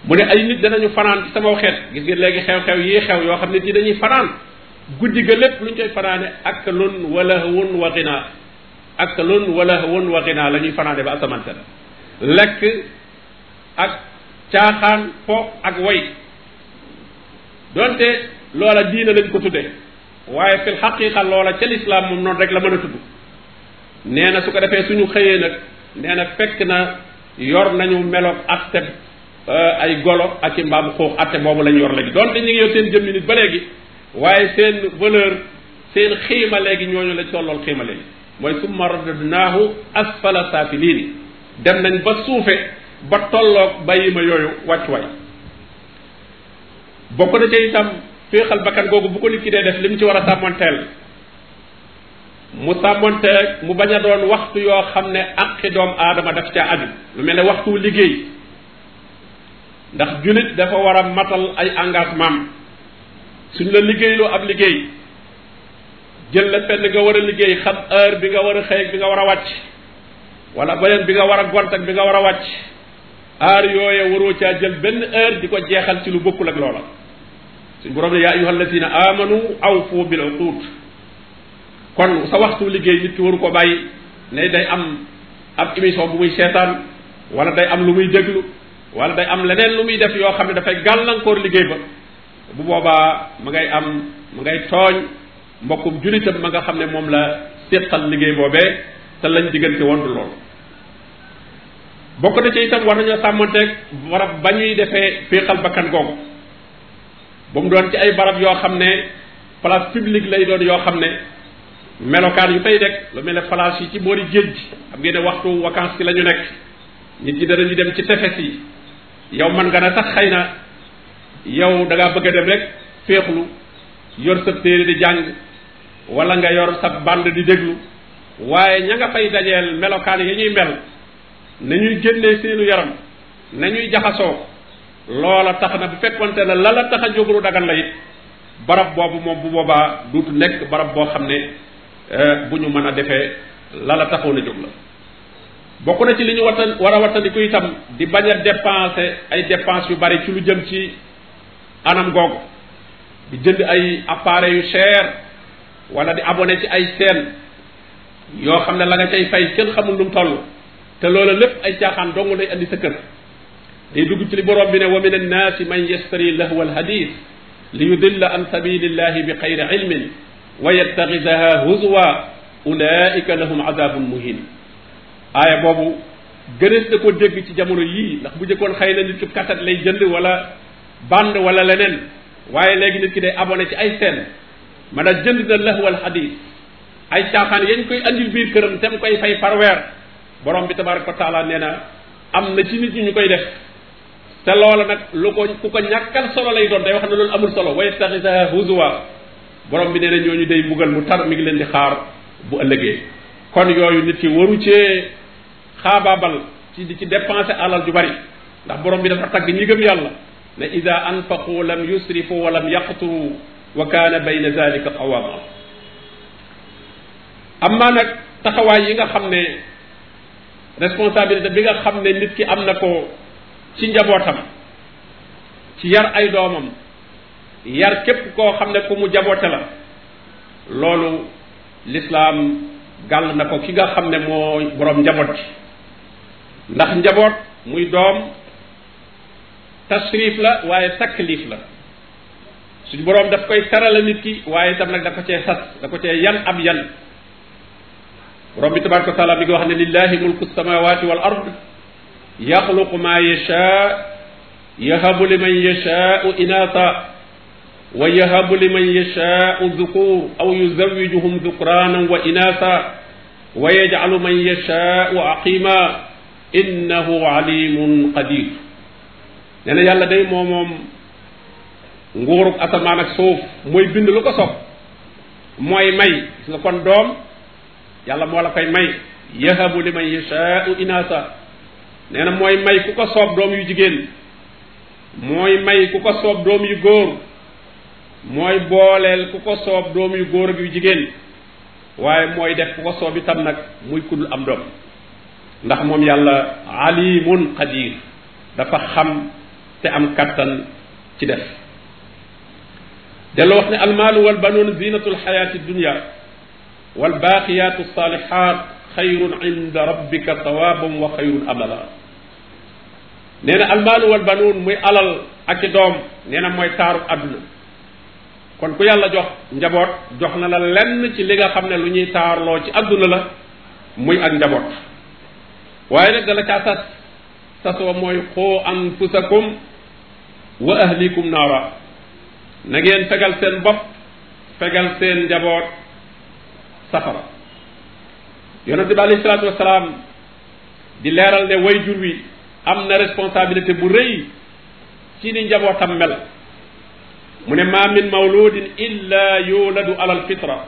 mu ne ay nit danañu fanaan ci sama xeet gis ngeen léegi xew-xew yii xew yoo xam ne di dañuy fanaan guddi ga lépp lu ñu koy fanaane aklun wa lahwun wa xinaa aklun wa lahwun wa xinaa la ñuy fanaane ba asamaan sa lekk ak caaxaan fo ak way donte loola diina lañ ko tuddee waaye fil xaqiqa loola ca lislaam moom noonu rek la mën a tudd nee na su ko defee suñu xëyee nag nee na fekk na yor nañu meloog atte euh, ay golo ak i mbaam xuux atte boobu lañ yor léegi donte ñu ngi yor seen jëmmi nit ba léegi waaye seen valeur seen xiima léegi ñooñu la tollool xiima léegi mooy summa radadnaahu asfala saafiliin dem nañ ba suufe ba tolloog ma yooyu wàccuwaay bokk na ca itam féexal bakkan googu bu ko nit ki dee def li mu ci war a sàmmonteel mu sàmmonteeg mu bañ a doon waxtu yoo xam ne àqi doom aadama def ca aju lu mel ne waxtu liggéey ndax jullit dafa war a matal ay engagement suñ la liggéeyloo ab liggéey jël la fenn nga war a liggéey xam heure bi nga war a xëy bi nga war a wàcc wala beneen bi nga war a gont ak bi nga war a wàcc heure yooye waroo caa jël benn heure di ko jeexal ci lu bokkul ak loola suñu borom na yaa ayuha alladina amanu awfu bil uqud kon sa waxtu liggéey nit ki waru ko bàyyi ne day am ab émission bu muy seetaan wala day am lu muy déglu wala day am leneen lu muy def yoo xam ne dafay gàllankoor liggéey ba bu boobaa ma ngay am ma ngay tooñ mbokkum julitam ma nga xam ne moom la séqal liggéey boobee te lañ diggante woon du loolu bokk na ci itam war nañoo sàmmanteeg war a ba ñuy defee féexal bakkan googu ba mu doon ci ay barab yoo xam ne place publique lay doon yoo xam ne melokaan yu fay rek lu mel ne place yi ci boori géej gi xam ne waxtu vacances ci la ñu nekk nit ñi danañu dem ci tefes yi yow man nga ne sax xëy na yow da bëgg a dem rek féexlu yor sa téere di jàng wala nga yor sa bande di déglu waaye ña nga fay dajeel melokaan yi ñuy mel na ñuy génne seenu yaram nañuy jaxasoo loola tax na bu fekkonte ne la la tax a jóg lu dagan barab boobu moom bu boobaa duutu nekk barab boo xam ne eh, bu ñu mën a defee la la taxoon a jóg la bokk na ci li ñu watan war a watandiku itam di bañ a dépenser ay dépenses yu bari ci lu jëm ci anam googu di jënd ay appareils yu cher wala di abonné ci ay chaînes yoo xam ne la nga cay fay kenn xamul lu mu toll te loolu lépp ay caaxaan dong lay indi sa kër. day dugg ci li borom bi ne wa min annaasi man yastari lahwa alhadis li yudilla an sabilillahi bi xayri ilmin wa yattaxidaha huzwa ulaika lahum adabun muhin aaya boobu gënees na ko dégg ci jamono yii ndax bu jëkkoon xëy na nit ki kaset lay jënd wala band wala leneen waaye léegi nit ki day abonné ci ay seen maanaam jënd na lahwal xadis ay caaxaan yañ koy andil biir këram te mu koy fay parweer weer borom bi tabaraka wa taala nee na am na ci nit ñi ñu koy def te loola nag lu ko ku ko solo lay doon day wax ne loolu amul solo wa yattaxisaha huzuwa borom bi nee na ñu day buggal mu tar mi ngi leen di xaar bu ëllëgee kon yooyu nit ki waru cee xaabaabal ci di ci dépenser alal ju bari ndax borom bi dafa tagg ñi gëm yàlla ne ida anfaqu lam yusrifu wa lam yaqturu wa kaana bayna dalika qawama amma nag taxawaay yi nga xam ne responsabilité bi nga xam ne nit ki am na ko ci njabootam ci yar ay doomam yar képp koo xam ne ku mu jaboote la loolu lislaam gàll na ko ki nga xam ne moo boroom njaboot ji ndax njaboot muy doom tasrif la waaye taklif la suñu boroom daf koy terale nit ki waaye itam nag da ko cee sas da ko cee yan ab yan boroom bi tabaraka wa taala mi ngi wax ne lillahi mulku samawati wal ard yaxluqu maa yashaa yahabu liman yashaau inaata wa yahabu liman yashaau dukuur aw yuzawijuhum dukraanan wa inaata wa yajcalu man yashaau aqima innahu alimun qadir nee na yàlla day moo moom nguurug asamaan ak suuf mooy bind lu ko sob mooy may gis nga kon doom yàlla moo la koy may yahabu liman yashaau inaata nee na mooy may ku ko soob doom yu jigéen mooy may ku ko soob doom yu góor mooy booleel ku ko soob doom yu góor ak yu jigéen waaye mooy def ku ko soob itam nag muy kudul am doom ndax moom yàlla alimun qadir dafa xam te am kattan ci def delloo wax ne almaalu wal banuun zinatul xayaati dunia wal baaqiyaatu saalihaat xayrun inda rabbika sawaban wa xayrun amala nee na almaalu wal banuun muy alal ak i doom nee na mooy taaru àdduna kon ku yàlla jox njaboot jox na la lenn ci liga nga xam ne lu ñuy taarloo ci àdduna la muy ak njaboot waaye nag dala caa sas sas wa mooy xoo anfusakum wa ahlikum naara na ngeen fegal seen bopp fegal seen njaboot safara yonente bi alayhi salaatu wasalaam di leeral ne way jur wi am na responsabilité bu ci ni njabootam mel mu ne ma min mawludin illa yuladu ala alfitra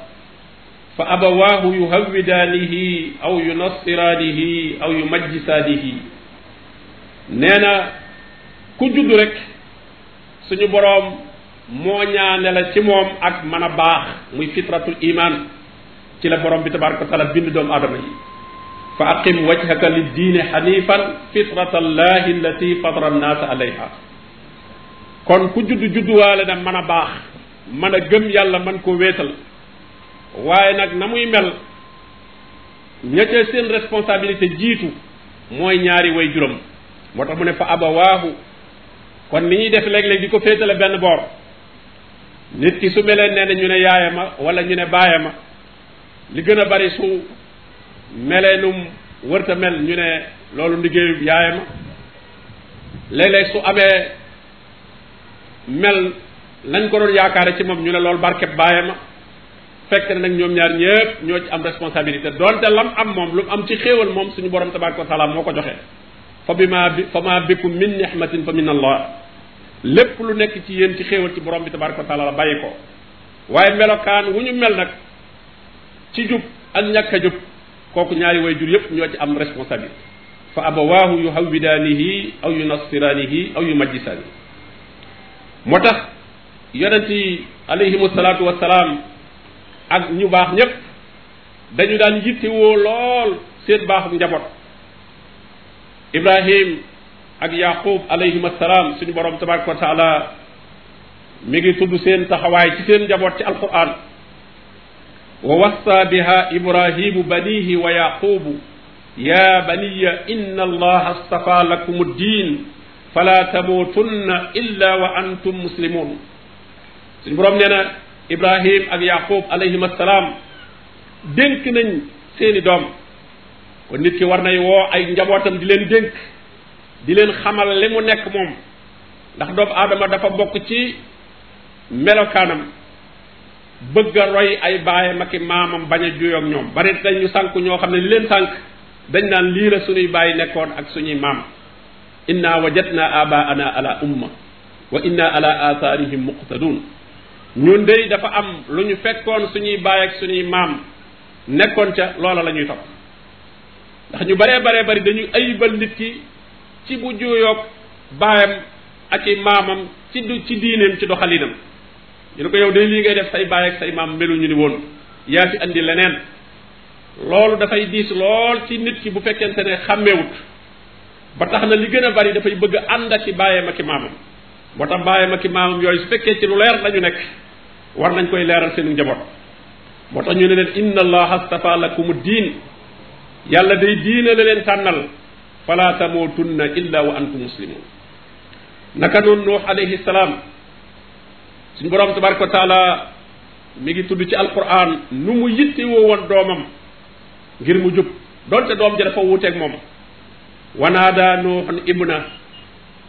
fa abawaahu yuhawwidaanihi aw yunassiraanihi aw yumajjisaanihi nee na ku judd rek suñu boroom moo ñaane la ci moom ak mën a baax muy fitratul ci la borom bi tabaraka wa bind doomu aadama yi fa aqim wajhaka li diine xanifan fitrata allahi allati fatara annaasa kon ku judd judduwaale na man a baax man a gëm yàlla man ko wéetal waaye nag na muy mel ña ca seen responsabilité jiitu mooy ñaari way juróom moo tax mu ne fa abawaahu kon ni ñuy def léeg-léeg di ko féetale benn boor nit ki su meleen nee na ñu ne yaayama wala ñu ne baayama li gën a bari su melee num wërta mel ñu ne loolu liggéeyu yaayama léeg-léeg su amee mel lañ ko doon yaakaare ci moom ñu ne loolu barkeb baayama fekk na nag ñoom ñaar ñëpp ñoo ci am responsabilité donte lam am moom lu mu am ci xéewal moom suñu borom tabaraka wa taala moo ko joxe fa bi ma bi fa ma bikum min nihmatin fa min allah lépp lu nekk ci yéen ci xéewal ci borom bi tabaraka wa la bàyyi ko waaye melokaan wu ñu mel nag ci jub ak ñàkk a jub kooku ñaari way jur yépp ñoo ci am responsabilité fa abawaahu yu hawwidaanihi aw yu nasiraanihi aw yu majjisaanihi moo tax yonent yi alayhimu salaatu wasalaam ak ñu baax ñépp dañu daan yittewoo lool seen baaxuk njaboot ibrahim ak yaqub alayhim assalaam suñu borom tabaraka wa taala mi ngi tudd seen taxawaay ci seen njaboot ci alquran wa wassaa biha ibrahimu banihi wa yaqubu ya baniya inna allaha astafaa lakum ad-diin fala tamuutunna illa wa antum muslimun suñu boroom nee na ibrahim ak yaqub alayhim salaam dénk nañ seeni doom kon nit ki war nay woo ay njabootam di leen dénk di leen xamal li mu nekk moom ndax doomu aadama dafa bokk ci melokaanam bëgg roy ay baayam ak i maamam bañ a juyoog ñoom bari dañ ñu ñoo xam ne li leen sànk dañ naan lii la suñuy bàyyi nekkoon ak suñuy maam inna wajadna abaana ala umma wa inna ala athaarihim muqtadun ñun dey dafa am lu ñu fekkoon suñuy baay ak suñuy maam nekkoon ca loola lañuy ñuy topp ndax ñu baree baree bari dañuy ayibal nit ki ci bu juyoog baayam ak i maamam ci du ci diineem ci doxalinam ñu ne ko yow day lii ngay def say baay ak say maam meluñu ni woon yaa fi andi leneen loolu dafay diis lool ci nit ki bu fekkente ne xàmmeewut ba tax na li gën a bari dafay bëgg a ànd ak ci bàyyeem ak ki maamam moo tax bàyyeem ak ki yooyu su fekkee ci lu leer lañu nekk war nañ koy leeral seen njaboot moo tax ñu ne leen inna allaha astafa lakum diin yàlla day diina la leen tànnal fala tamutunna illa wa antum muslimun naka noonu nuux alayhi suñu borom tabaraka wa taala mi ngi tudd ci alquran nu mu yitte woo woon doomam gir mu jub donte doom ja dafa teg moom wanaada nuuxun ibna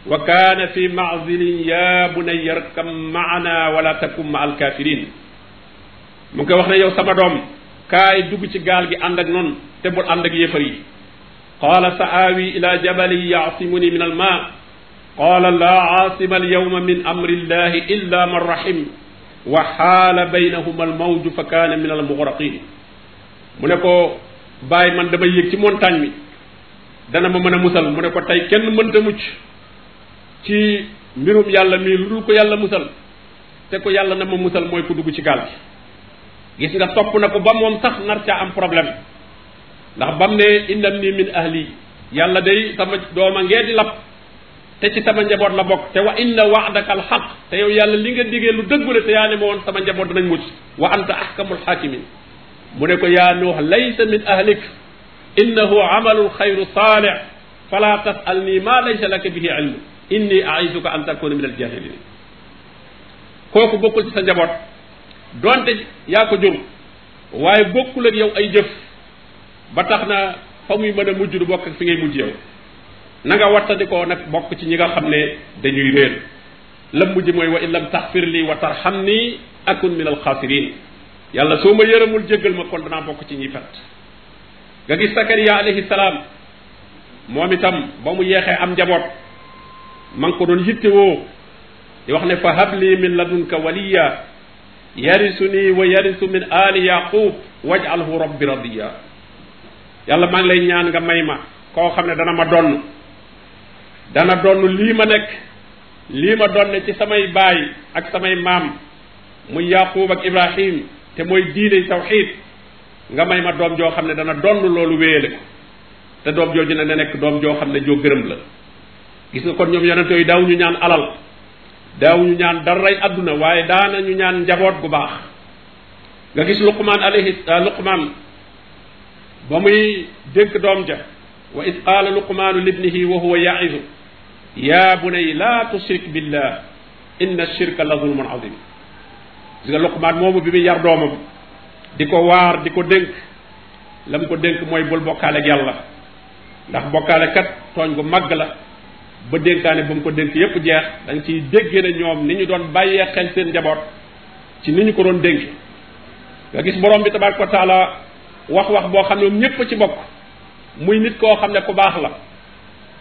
wa kaana fi maazilin ya bunayya arkam maana wala takum ma alkafirin mu ngi wax ne yow sama doom kaay dugg ci gaal gi ànd ak noonu te bul ànd ak ila jabali yaasimuni min al qaala laa aasima alyawma min amri illahi illa man rahim wa xaala baynahuma almawju fa kaana min almugraqin mu ne ko bàyyi man dama yéeg ci montagne mi dana ma mën a musal mu ne ko tey kenn mënta mucc ci mbirum yàlla mii lu dul ko yàlla musal te ko yàlla na ma musal mooy ku dugg ci gaal gi gis nga topp na ko ba moom sax nar caa am problème ndax bam ne indam nii min ahli yàlla day sama dooma ngee di lapp te ci sama njaboot la bokk te wa inna wa alxaq te yow yàlla li nga digee lu dëggu la te yaa ne ma woon sama njaboot danañ mucc wa anta ahkamul xaakimin mu ne ko yaa nuux laysa min ahlik innahu amalun xayru saalix fala tasal nii maa laysa laka bihi ilmu inni aisuka an takuna min aljahilin kooku bokkul ci sa njaboot donte yaa ko jur waaye bokkul ak yow ay jëf ba tax na fa muy mën a bokk fi ngay mujj yow na nga wattandikoo nag bokk ci ñi nga xam ne dañuy réer lam mujj mooy wa in lam taxfir lii wa tarxam nii akun min alxaasirin yàlla soo ma yërëmul jéggal ma kon danaa bokk ci ñi fat nga gis Sakariya alayhi salaam moom itam ba mu yeexee am njaboot ma ngi ko doon yittewoo di wax ne fa habli min ladunka waliya yarisu nii wa yarisu min aali yaqub waj'alhu rabbi radiya yàlla maa ngi lay ñaan nga may ma koo xam ne dana ma donn dana donn lii ma nekk lii ma donne ci samay baay ak samay maam muy yaqub ak ibrahim te mooy diine tawxid nga may ma doom joo xam ne dana donn loolu wéyale ko te doom jooju ne na nekk doom joo xam ne joo gërëm la gis nga kon ñoom yonent yooyu daaw ñu ñaan alal daaw ñu ñaan daray àdduna waaye daana ñu ñaan njaboot gu baax nga gis luqmaan alayhi ah, luqmaan ba muy dénk doom ja wa id qaala luqmaanu libnihi wa huwa yaizu yaa bunay laa tushrik billah inna shirka la zulmun azim gis nga Luqmaan moomu bi muy yar doomam di ko waar di ko dénk la mu ko dénk mooy bul bokkaale ak yàlla ndax bokkaale kat tooñ gu màgg la ba dénkaane ba mu ko dénk yépp jeex da nga ciy déggee ne ñoom ni ñu doon bàyyee xel seen njaboot ci ni ñu ko doon dénk nga gis borom bi tabaaraka wa wax wax boo xam ne ñépp ci bokk muy nit koo xam ne ku baax la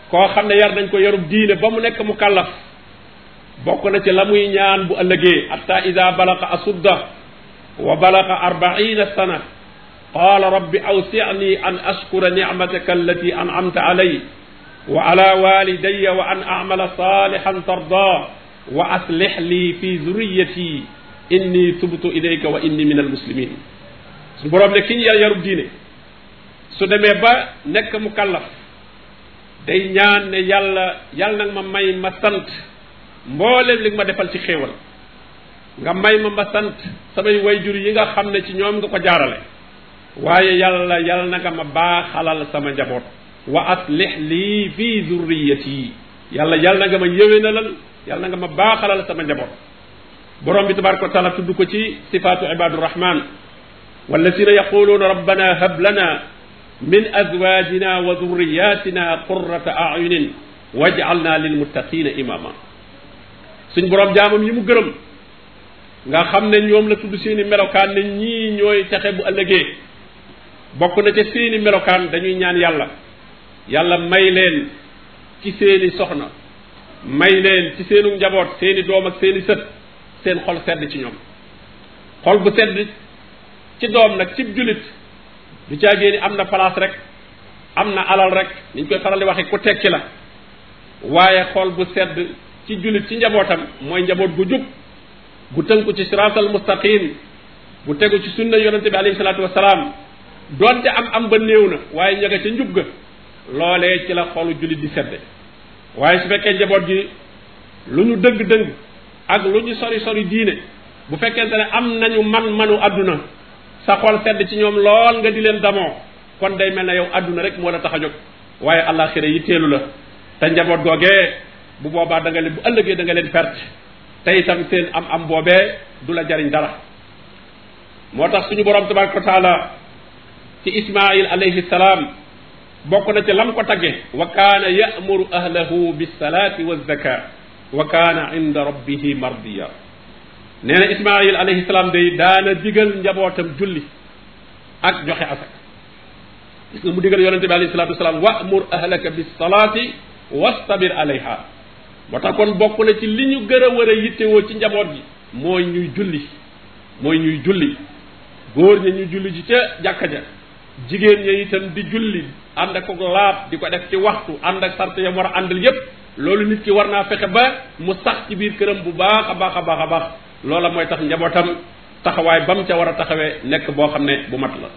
koo xam ne yar nañ ko yarub diine ba mu nekk mu kàllaf bokk na ci la muy ñaan bu ëllëgee hatta ida balaga asudda wa balaga arbaina sana qaala rabbi awsini an ashkura nicmataka allati ancamta alay wa ala walidaya wa an acmala salihan tarda wa aslix li fi zuriyati inni tubtu ilayka wa inni min almuslimin su boroom ne ki ñu yar yarub diine su demee ba nekk mu kàllaf day ñaan ne yàlla yàlla nag ma may ma sant mbooleem li nga ma defal ci xéewal nga may ma ma sant way wayjur yi nga xam ne ci ñoom nga ko jaarale waaye yàlla yàlla na nga ma baaxalal sama njaboot wa aslih lii fii zurriyati yàlla yàlla na nga ma yéwénalal yàlla na nga ma baaxalal sama njaboot borom bi tabaraka wa taala tudd ko ci sifaatu ibaadu rahman wallazina yaquluuna rabbana hab lana min azwajina wa dhurriyyatina qurrata a'yunin waj'alna lil muttaqina imama suñ boroom jaamam yi mu gërëm nga xam ne ñoom la tudd seeni melokaan ne ñii ñooy texe bu ëllëgee bokk na ci seeni melokaan dañuy ñaan yàlla yàlla may leen ci seeni soxna may leen ci seenu njaboot seeni doom ak seeni sët seen xol sedd ci ñoom xol bu sedd ci doom nag cib jullit du caagee ni am na place rek am na alal rek niñ koy faral di waxee ku tekki la waaye xool bu sedd ci jullit ci njabootam mooy njaboot gu jub gu tënku ci siraatal mustaqim bu tegu ci sunna yonente bi alayhi salaatu doonte am am ba néew na waaye ña nga ca njub ga loolee ci la xolu jullit di sedde waaye su fekkee njaboot gi lu ñu dëng-dëng ak lu ñu sori sori diine bu fekkente ne am nañu man-manu àdduna sa xol sedd ci ñoom lool nga di leen damoo kon day mel ne yow àdduna rek moo la tax a jóg waaye àllaaxira yi teelu la te njaboot googee bu boobaa danga leen bu ëllëgee da nga leen perte te itam seen am am boobee du la jariñ dara moo tax suñu borom tabaraka wa taala ci ismail alayhi bokk na ci lam ko tagge wa kaana ya'muru ahlahu bis salaati waz zaka wa kaana inda rabbihi mardiya nee na Ismaayil alayhi salaam day daana digal njabootam julli ak joxe asak gis nga mu digal yonente bi alayhi salaatu wasalaam wa'mur ahlaka bis salaati wastabir alayha moo tax kon bokk na ci li ñu gën a war a yittewoo ci njaboot gi mooy ñuy julli mooy ñuy julli góor ña ñu julli ji ca jàkka ja jigéen ña itam di julli ànd ak ko laab di ko def ci waxtu ànd ak sart yam war a àndal yépp loolu nit ki war naa fexe ba mu sax ci biir këram bu baax a baax baax a baax loola mooy tax njabootam taxawaay ba mu ca war a taxawee nekk boo xam ne bu mat la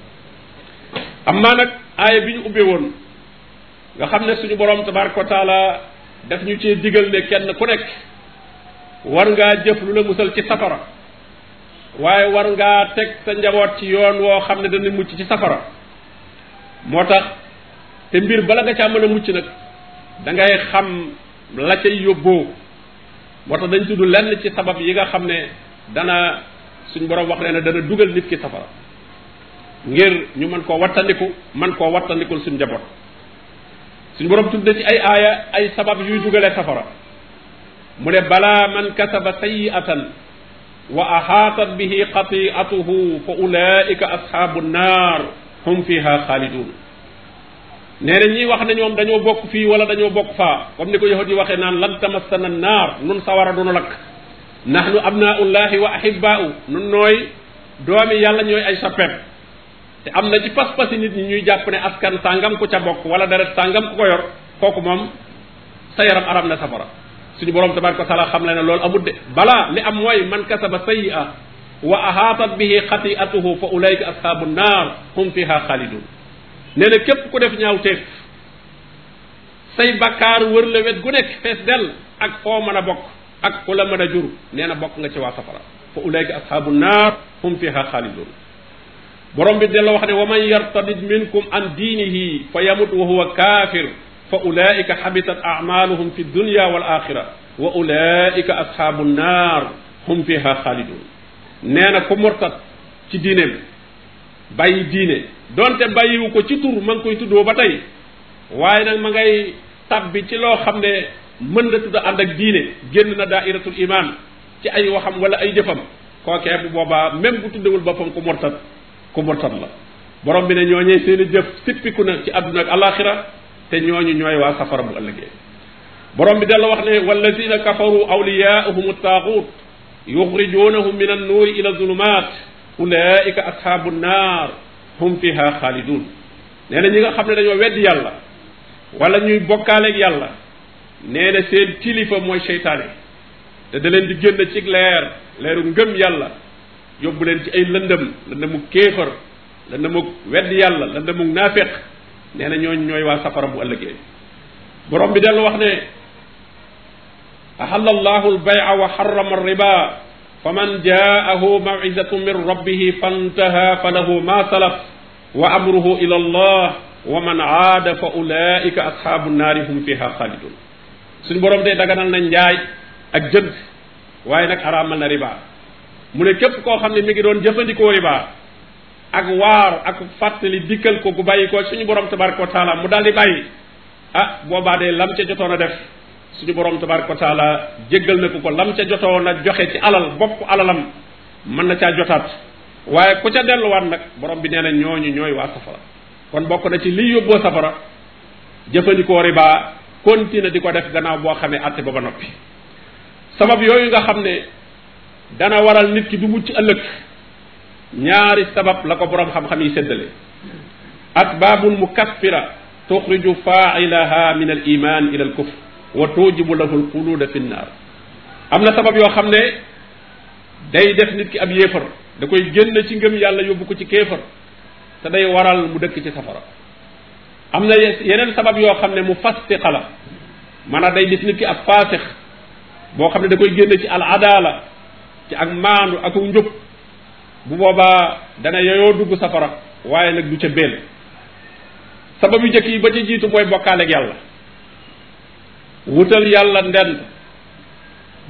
am amma nag aaya bi ñu ubbee woon nga xam ne suñu borom tabaraka wa taala daf ñu ci diggal ne kenn ku nekk war ngaa jëf lu la musal ci safara waaye war ngaa teg sa njaboot ci yoon woo xam ne dana mucc ci safara moo tax te mbir bala nga am mën a mucc nag da ngay xam la cay yóbboo moo tax dañ tudd lenn ci sabab yi nga xam ne dana suñ borom wax ne dana dugal nit ki safara ngir ñu mën koo wattandiku mën koo wattandikul suñ njaboot suñ borom tudde ci ay aaya ay sabab yuy jugale safara mu ne balaa man kasaba sayi'atan wa ahaatat bihi xati'atuhu fa ulaika ashaabu nnaar hum fiha xaalidun nee na ñii wax ne ñoom dañoo bokk fii wala dañoo bokk faa comme ni ko yahut yi waxee naan lan tamassana naar nun sawara dunu lakk nahnu abnaullahi wa ahibaau nun nooy doomi yàlla ñooy ay sapet te am na ci pas-pasi nit ñi ñuy jàpp ne askan sàngam ku ca bokk wala deret sàngam ku ko yor kooku moom sa yaram arab na safara suñu borom tabaraka wa taala xam le ne loolu amut de balaa li am mooy man kasaba sayyi'a wa ahaatat bihi xati'atuhu fa ulayka ashaabun naar hum fiha xaalidun nee na képp ku def ñaawteef say bakkaar wër la wet gu nekk fees ak foo mën a bokk ak ku la mën jur nee na bokk nga ci waa safara fa ulaika ashabu naar hum fiha xaalidun borom bi delloo wax ne wa man yartadid minkum an diinihi fa yamut wa huwa kaafir fa fi dunya wal axira wa ulaika ashabu hum fiha xaalidun nee ku murtat ci diineem bàyyi diine donte bàyyiwu ko ci tur ma ngi koy tuddoo ba tey waaye nag ma ngay tabbi ci loo xam ne mën na tudd ànd ak diine génn na daairatul iman ci ay waxam wala ay jëfam kookee bu boobaa même bu tuddewul boppam ku mortat ku mortat la borom bi ne ñooñee seen i jëf sippiku na ci àdduna ak alaxira te ñooñu ñooy waa safara bu ëllëgee borom bi dala wax ne wallazina kafaru awliyaahum taaxuut yuxrijuunahum min annuuri ila zulumaat ulaika ashaabu naar hum fiha xaalidun nee na ñi nga xam ne dañoo wedd yàlla wala ñuy bokkaaleeg yàlla nee na seen kilifa mooy seytaane te da leen di génn ci leer leeru ngëm yàlla yóbbu leen ci ay lëndëm lëndëmu kéefar lëndëmu wedd yàlla lëndëmu naafeq nee na ñooñ ñooy waa safara bu ëllëgee borom bi dellu wax ne ahalla allahu al wa harrama riba fa man jaahu mawizatu min rabbihi fantaha fa lahu ma salaf wa amruhu ila allah wa man aada fa ulaika asxaabu naari hum fiha xaalidun suñ boroom day daganal na njaay ak jënd waaye nag araamal na riba mu ne képp koo xam ne mi ngi doon jëfandikoo riba ak waar ak fàttali dikkal ko gu bàyyi ko suñu borom tabaraka wa taala mu daal di bàyyi ah boobaa day lam ca jotoon a def suñu borom tabaraka wa taala jéggal na ko ko lam ca jotoon a joxe ci alal bopp alalam mën na caa jotaat waaye ku ca delluwaat nag borom bi nee na ñooñu ñooy waa safara kon bokk na ci liy yóbboo safara jëfandikoo riba continuer di ko def gannaaw boo xamee àtte ba ba noppi sabab yooyu nga xam ne dana waral nit ki du mucc ëllëg ñaari sabab la ko borom xam-xam yi at asbaabun mukaffira tuxriju faailaha min al iman ila al kufr wa tuujibu lahu alxuluda fi nnaar am na sabab yoo xam ne day def nit ki ab yéefar da koy génn ci ngëm yàlla yóbbu ko ci kéefar te day waral mu dëkk ci safara am na yeneen sabab yoo xam ne mu fastiqa la maanaam day gis nit ki ab faasix boo xam ne da koy génne ci al adala ci ak maandu ak njub bu boobaa dana yeyoo dugg safara waaye nag du ca benn sabab yu jëkk yi ba ci jiitu mooy bokkaaleeg yàlla wutal yàlla ndend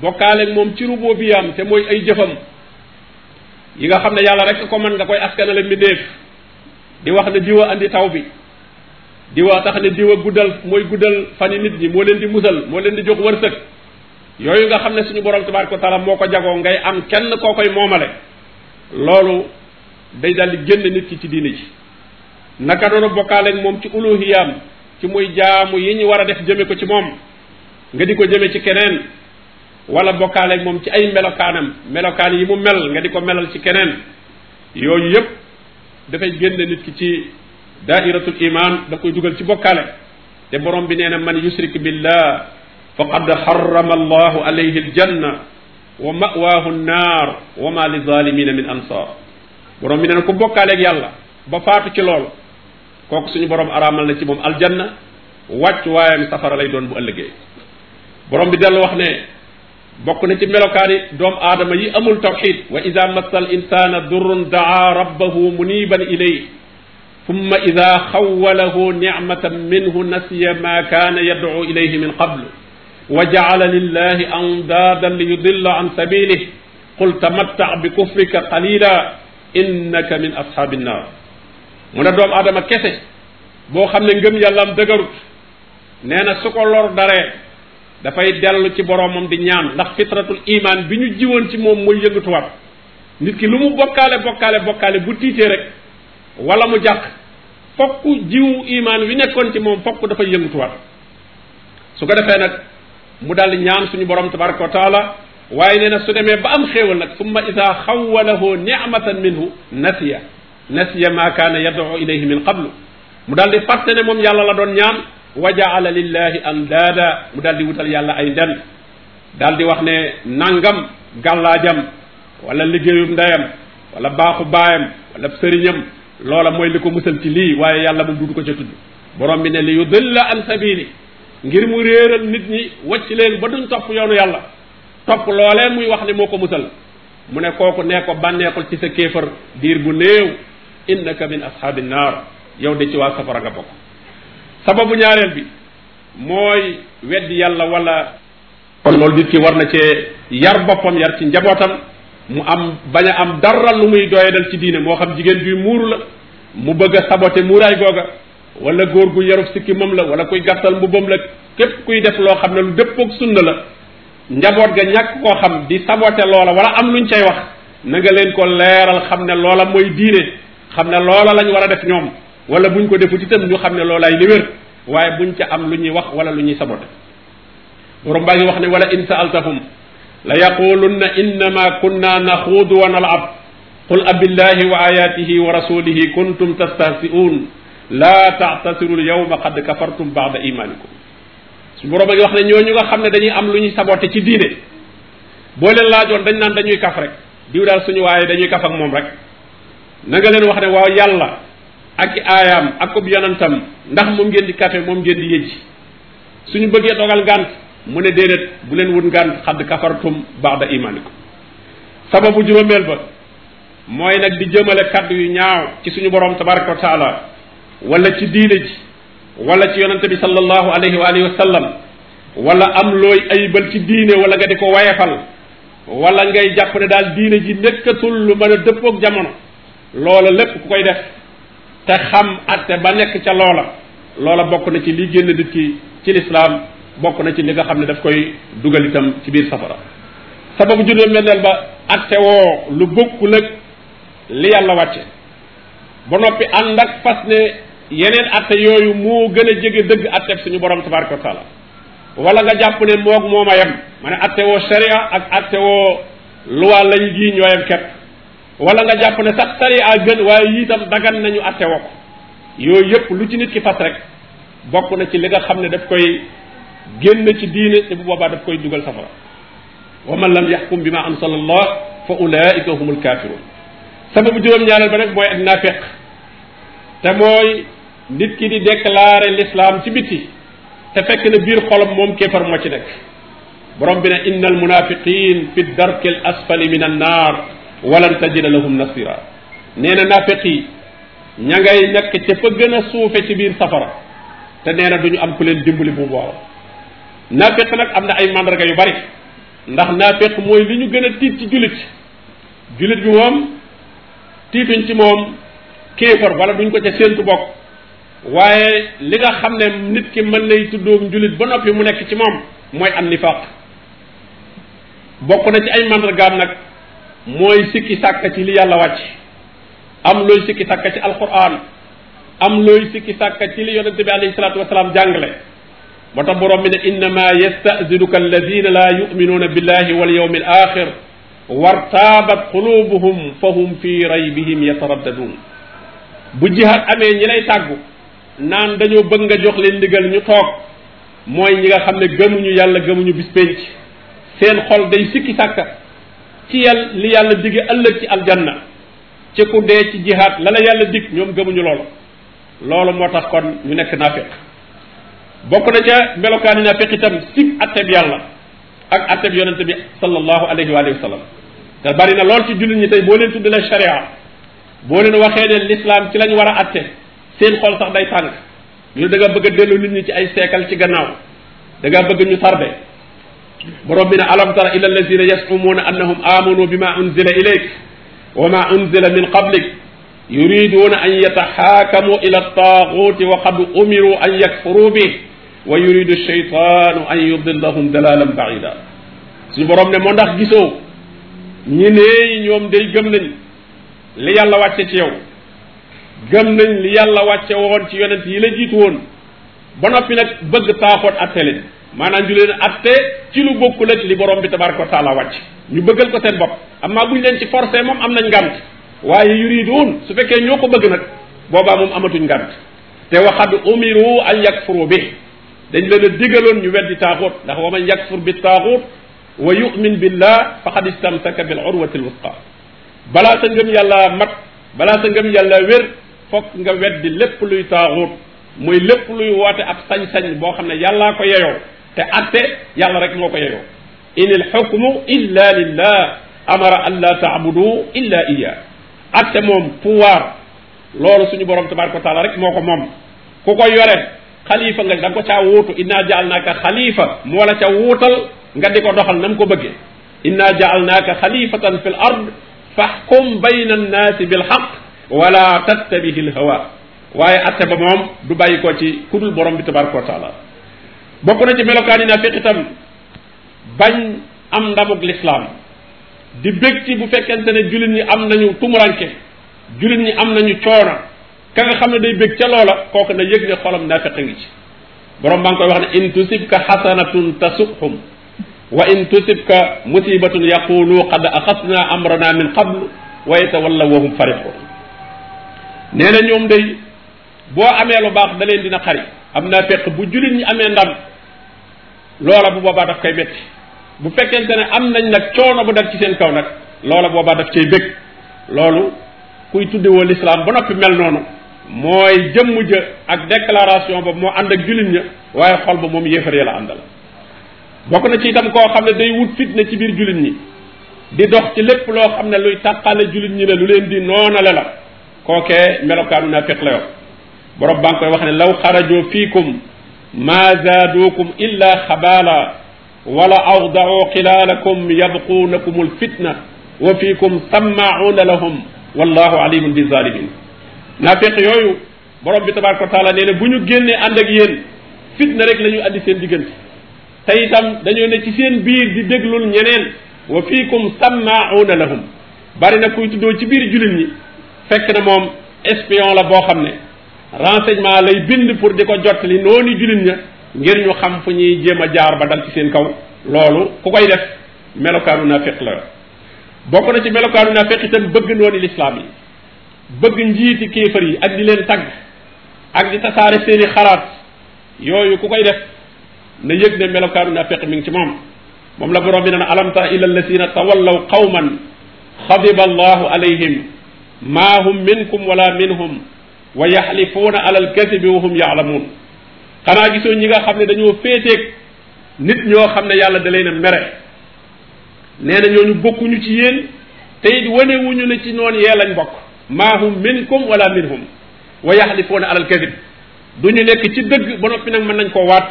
bokkaaleeg moom ci bi rububiyaam te mooy ay jëfam yi nga xam ne yàlla rek ko mën nga koy askanale mbindeef di wax ne diwa andi taw bi diwa tax ne diwa guddal mooy guddal fani nit ñi moo leen di musal moo leen di jox wërsëg yooyu nga xam ne suñu borom tabaraka ko taala moo ko jagoo ngay am kenn koo koy moomale loolu day daal di génn nit ki ci diini ji naka doonu bokkaaleeg moom ci uluhiyaam ci muy jaamu yi ñu war a def jëme ko ci moom nga di ko jëme ci keneen wala bokkaaleeg moom ci ay melokaanam melokaan yi mu mel nga di ko melal ci keneen yooyu yëpp dafay génne nit ki ci daairatul iman da koy dugal ci bokkaale te borom bi nee na man yusrik billah faqad harrama allahu alayhi aljanna wa mawaahu nnaar wa ma li zalimina min ansar borom bi nee na ku bokkaaleeg yàlla ba faatu ci lool kooku suñu borom araamal na ci moom aljanna wàcc waayam safara lay doon bu ëllëgee borom bi dellu wax ne bokk na ci melokaani doomu aadama yi amul tawxid wa ida massa al insana durrun daa rabbahu muniban ilay summa ida xawalahu nicmatan minhu nasiya ma kaana yadcu ilayhi min qablu wa jacala lillahi andaadan li yudilla an sabilih qul tamattac bi kufrika qalila innaka min ashaabi nnaar mu ne doomu aadama kese boo xam ne ngëm yàllaam dëgërut nee na su ko lor daree dafay dellu ci boromam di ñaan ndax fitratul iman bi ñu jiwoon ci moom mooy yëngatuwaat nit ki lu mu bokkaale bokkaale bokkaale bu tiitee rek wala mu jàq fokk jiwu iman wi nekkoon ci moom fokk dafay yëngatuwaat su ko defee nag mu daal di ñaan suñu borom tabaraka wa waaye nee na su demee ba am xéewal nag summa ida xawalahu nicmatan minhu nasiya nasiya ma kaana yad'u ilayhi min qablu mu daal di fàtte ne moom yàlla la doon ñaan wa jaala am andaada mu daal di wutal yàlla ay nden daal di wax ne nangam gàllaajam wala liggéeyub ndeyam wala baaxu baayam wala sëriñam loola mooy li ko musal ci lii waaye yàlla moom duudu ko ca tudd borom bi ne li yudilla an sabili ngir mu réeral nit ñi wacc leen ba duñ topp yoonu yàlla topp loolee muy wax ne moo ko musal mu ne kooku nee ko bànneexul ci sa kéefar diir bu néew innaka min ashaabin naar yow de ci waa safara nga bokk sababu ñaareel bi mooy weddi yàlla wala kon loolu nit ki war na cee yar boppam yar ci njabootam mu am bañ a am dara lu muy doyadal ci diine moo xam jigéen juy muuru la mu bëgg a muuraay googa wala góor gu yarub sikki moom la wala kuy gàttal mbubam la képp kuy def loo xam ne lu dëppook sunna la njaboot ga ñàkk koo xam di sabote loola wala am lu ñu cay wax na leen ko leeral xam ne loola mooy diine xam ne loola lañ war a def ñoom wala buñ ko defut itam ñu xam ne loolaay li wér waaye buñ ca am lu ñuy wax wala lu ñuy sabote borom baa ngi wax ne wala in saaltahum la yaqulunna innama kunna naxuudu wa nalab qul abillahi wa ayatihi wa rasulihi kuntum tastahsi'un la ta'tasiru al-yawma qad kafartum ba'da imanikum su borom a ngi wax ne ñooñu nga xam ne dañuy am lu ñuy sabote ci diine boo leen laajoon dañ naan dañuy kaf rek diw suñu waaye dañuy kaf ak moom rek na leen wax ne waaw yàlla ak i aayaam ak ub yonantam ndax moom ngeen di kafe moom ngeen di yëjji suñu bëggee dogal ngànt mu ne déedéet bu leen wut ngànt xadd kafartum baada imaanikum sababu juróomeel ba mooy nag di jëmale kaddu yu ñaaw ci suñu borom tabaraka wa taala ci diine ji wala ci yonante bi sallallahu alayhi wa alihi wa wala am looy ayibal ci diine walla nga di ko wayefal wala ngay jàpp ne daal diine ji nekkatul lu mën a dëppoog jamono loola lépp ku koy def te xam atte ba nekk ca loola loola bokk na ci li génn nit ki ci lislaam bokk na ci li nga xam ne daf koy dugal itam ci biir safara sababu juróom benneel ba atte woo lu bokkul ak li yàlla wàcce ba noppi ànd ak fas ne yeneen atte yooyu moo gën a jege dëgg atteb suñu borom tabaraka wa taala wala nga jàpp ne moog mooma yem ma ne atte woo sharia ak atte woo luwaa lañ gi ñooyam kepp wala nga jàpp ne sax sariya gën waaye yi itam dagan nañu atte woo yooyu yëpp lu ci nit ki fas rek bokk na ci li nga xam ne daf koy génn ci diine te bu boobaa daf koy dugal safara wa man lam yaxkum bi ma anzala allah fa ulaika humul kafirun sababu juróom-ñaareel ba nag mooy ak naafeq te mooy nit ki di déclarer l'islam ci biti te fekk na biir xolam moom kéefar moo ci nekk borom bi ne inna al munafiqin fi darki al asfali min an naar walan tajida lahum nasira nee na naafeq yi ña ngay nekk ca fa gën a suufe ci biir safara te nee na duñu am ku leen dimbali bu boobaa naafeq nag am na ay mandarga yu bari ndax naafeq mooy li ñu gën a tiit ci jullit jullit bi moom tiituñ ci moom kéefar wala duñ ko ca séentu bokk waaye li nga xam ne nit ki mën nay tuddoom jullit ba noppi mu nekk ci moom mooy an nifaaq bokk na ci ay mandargaam nag mooy sikki sàkka ci li yàlla wàcc am looy sikki sàkka ci alquran am looy sikki sàkka ci li yonente bi alayhi salatu wasalaam jàngale moo tax borom bi ne innama yastasinuka alladina la yuminuuna billahi wal yawmi al axir wartaabat qulubuhum fa hum fi raybihim yataraddadun bu jihaad amee ñi lay tàggu naan dañoo bëgg nga jox leen ndigal ñu toog mooy ñi nga xam ne gëmuñu yàlla gëmuñu bis penc seen xol day sikki sàkka ci yàlla li yàlla dige ëllëg ci aljanna ci ku dee ci jihaad la la yàlla dig ñoom gëmuñu loolu loolu moo tax kon ñu nekk naafiq bokk na ca melokaani naafiq itam sig atteb yàlla ak atteb yonente bi sallallahu alayhi wa sallam te bari na lool ci jullit ñi tey boo leen tuddalee sharia boo leen waxee ne l'islam ci lañu war a atte seen xol sax day tàng ñu ne da nga bëgg a dellu nit ñi ci ay seekal ci gannaaw da bëgg ñu tarbe borom bi ne alam tara ila alladina yasumuuna annahum amanu bima unzila ilayk wa ma unzila min qablik yuriduuna an yataxaakamu ila taaguuti wa qad umiru an yakfuru bi wa yuridu shaytaanu an yudillahum dalalan baida suñu borom ne moo ndax gisoo ñi nee ñoom day gëm nañ li yàlla wàcce ci yow gëm nañ li yàlla wàcce woon ci yonent yi la jiitu woon ba noppi nag bëgg taaxoot atteleen maanaam ñu leen atte ci lu bokkul ak li borom bi tabaraka wa taala wàcc ñu bëggal ko seen bopp amaa ñu leen ci forcé moom am nañ ngànt waaye yuridun su fekkee ñoo ko bëgg nag boobaa moom amatuñ ngànt te waxad umiru an yakfuru bi dañ leen a digaloon ñu weddi taaxut ndax wa man yakfur bi taaxut wa yumin billah faqad istamsaka bil urwati al wusqa balaa sa ngëm yàlla mat balaa sa ngëm yàlla wér foog nga weddi lépp luy taaxut mooy lépp luy woote ab sañ-sañ boo xam ne yàllaa ko yeyoo te atte yàlla rek moo ko yeyoo in il xukmu illa lillah amara an la taabudu illa iya atte moom pouvoir loolu suñu borom tabaraka wa taala rek moo ko moom ku ko yore xalifa nga da nga ko caa wuutu inna jaal naaka xalifa moo la ca wuutal nga di ko doxal na mu ko bëggee inna jaal naaka xalifatan fi l ard faxkum bayna annaasi bilxaq wala tattabihi lhawa waaye atte ba moom du bàyyi ko ci kudul borom bi tabaraka wa taala bokk na ci melokaan yi naa fekk itam bañ am ndamuk lislaam di bég ci bu fekkente ne jullit ñi am nañu tumuranke jullit ñi am nañu coono ka nga xam ne day bég ca loola kooku na yëg ne xolam naafeq ngi ci borom baa ngi koy wax ne in tusibka xasanatun tasuhum wa in tusibka musibatun yaqulu qad axasna amrana min qablu wa yatawalla wahum farixun nee na ñoom day boo amee lu baax da leen dina xari am naa fekk bu jullit ñi amee ndam loola bu boobaa daf koy métti bu fekkente ne am nañ nag coono bu dal ci seen kaw nag loola boobaa daf cay bëgg loolu kuy tuddewoo lislaam ba noppi mel noonu mooy jëmm ja ak déclaration ba moo ànd ak jullit ña waaye xol ba moom yéefaree la àndal bokk na ci itam koo xam ne day wut fitna ci biir jullit ñi di dox ci lépp loo xam ne luy tàqale jullit ñi la lu leen di noonale la kookee melokaanu naa féq la yor borom baa ngi koy wax ne law xarajoo maa zaaduukum illa xabaala wala awdaau xilaalakum yabquunakum alfitna wa fiikum sammaacuuna lahum wallahu alimun bi zalimin naafeq yooyu borom bi tabaraka wa taala nee na bu ñu génnee ànd ak yéen fitna rek la ñu andi seen diggante te itam dañoo ne ci seen biir di déglul ñeneen wa fiikum sammaacuuna lahum bari na kuy tuddoo ci biir jullit ñi fekk na moom espion la boo xam ne renseignement lay bind pour di ko jottali noonu jullit ña ngir ñu xam fu ñuy jéem a jaar ba dal ci seen kaw loolu ku koy def melokaanu nafiq la bokk na ci melokaanu nafiq itam bëgg noonu lislaam yi bëgg njiiti kéefar yi ak di leen tagg ak di tasaare seeni xalaat yooyu ku koy def na yëg ne melokaanu nafiq mi ngi ci moom moom la borom bi naan alam tara ila alladina tawallaw qawman xadiba allahu alayhim maa hum minkum wala minhum wa yaxlifuuna alal kasibi wa hum yaalamuun xanaa gisoo ñi nga xam ne dañoo féeteeg nit ñoo xam ne yàlla da leen a mere nee na ñu bokkuñu ci yéen te it wane wuñu ne ci noon yee lañu bokk maa hum minkum wala minhum wa yaxlifuuna alal kasib du ñu nekk ci dëgg ba noppi nag mën nañ koo waat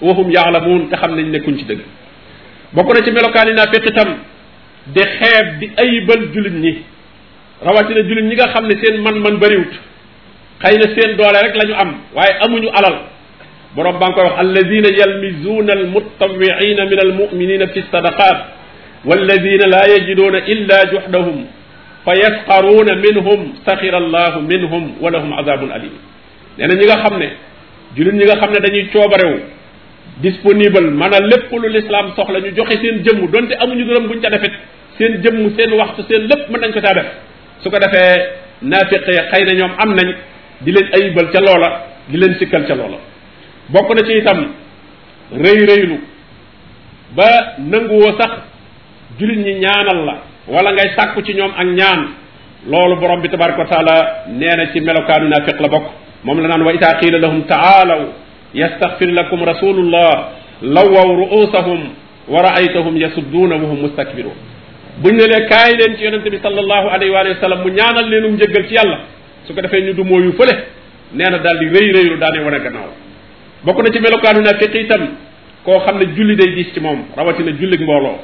wa hum yaalamuun te xam nañ nekkuñ ci dëgg bokk na ci melokaan yi naa fekk itam di xeeb di ayibal jullit ñi rawatina jullit ñi nga xam ne seen man-man bariwut xëy na seen doole rek la ñu am waaye amuñu alal borom baa ngi koy wax alladina yalmizuuna almutawiina min almuminina fi sadaqat walladina laa yajiduuna illa juhdahum fa yasxaruuna minhum saxira allahu minhum wa lahum azabun alim nee na ñi nga xam ne jullit ñi nga xam ne dañuy coobarewu disponible maanaam lépp lu lislaam soxla ñu joxe seen jëmm donte amuñu dërëm buñ ca defet seen jëmm seen waxtu seen lépp mën nañ ko caa def su ko defee naafiqee xëy na ñoom am nañ di leen ayibal ca loola di leen sikkal ca loola bokk na ci itam rëy rëylu ba nanguwoo sax jullit ñi ñaanal la wala ngay sàkku ci ñoom ak ñaan loolu borom bi tabaraka wa taala ci na ci melokaanu naafiq la bokk moom la naan wa ida qiila lahum taalaw yastaxfir lakum rasulullah lawaw ruusahum wa raaytahum yasudduuna wa hum mustakbiruun buñ ne lee kaay leen ci yonente bi sallallahu alayhi wa sallam mu ñaanal leenu njëggal ci yàlla su ko defee ñu du mooyu fële nee na daal di rëy rëylu daane wane gannaaw bokk na ci melokaanu naafiq itam koo xam ne julli day diis ci moom rawatina jullig mbooloo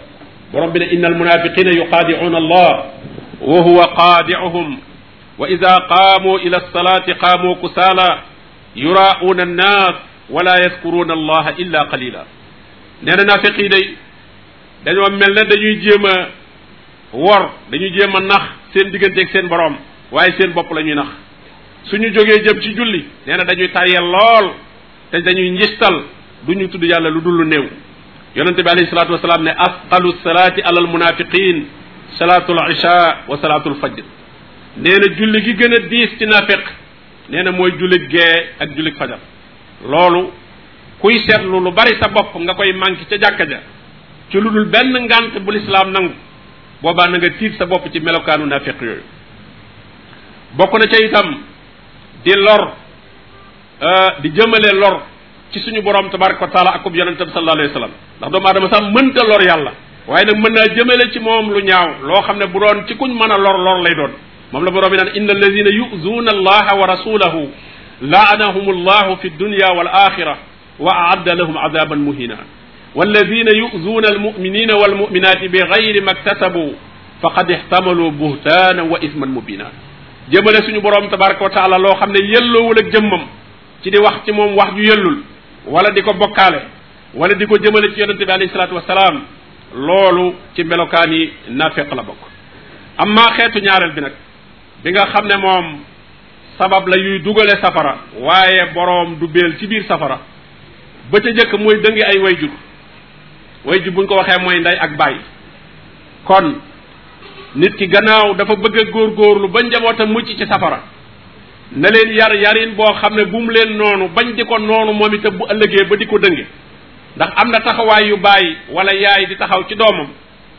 borom bi ne inna almunafiqina yuqaadicuuna allah wa huwa qaadicuhum wa ida qaamu ila alsalati qaamu kusaala yuraa'uuna annaas wala yaskuruuna allaha illa qalila nee na naafiq yi day dañoo mel dañuy jéem a wor dañuy jéem a nax seen digganteeg seen borom waaye seen bopp la ñuy nax ñu jógee jëm ci julli nee na dañuy tàyyeel lool te dañuy njistal duñu tudd yàlla lu dul lu néew yonente bi alayhi salaatu wasalaam ne afqalu salaati alal al munafiqin salaatul isha wa salaatul fajr nee na julli gi gën a diis ci nafiq nee mooy jullit gee ak jullit fajar loolu kuy seetlu lu bari sa bopp nga koy manqué ca jàkka ja ci lu dul benn ngànt bu lislaam nangu boobaa na nga tiit sa bopp ci melokaanu nafiq yooyu bokk na ca itam di lor euh, di jëmale lor ci suñu borom tabaraka wa taala akub yonentam sallallahu alayhi wa sallam ndax doomu aadama sax mënta lor yàlla waaye nag mën naa jëmale ci moom lu ñaaw loo xam ne bu doon ci kuñ mën a lor lor lay doon moom la borom bi naan inna alladina yuzuuna allaha wa rasulahu laanahum allahu fi dunya wal axira wa aadda lahum adaban muhina walladina yuzuuna almuminina walmuminati bi gayri ma ktasabu faqad ixtamalu buhtana wa isman mubina jëmale suñu borom tabaraka wa taala loo xam ne yelloowul ak jëmmam ci di wax ci moom wax ju yellul wala di ko bokkaale wala di ko jëmale ci yonente bi alayhi salaatu wasalaam loolu ci melokaan yi naafeq la bokk amma xeetu ñaareel bi nag bi nga xam ne moom sabab la yuy dugale safara waaye boroom du béel ci biir safara ba ca jëkk mooy dëngi ay wayjur wayjur buñ ko waxee mooy ndey ak baay kon nit ki gannaaw dafa bëgg góor góorgóorlu ba njabootam mucc ci safara na leen yar yarin boo xam ne bu mu leen noonu bañ di ko noonu moom itam bu ëllëgee ba di ko dënge ndax am na taxawaay yu bàyyi wala yaay di taxaw ci doomam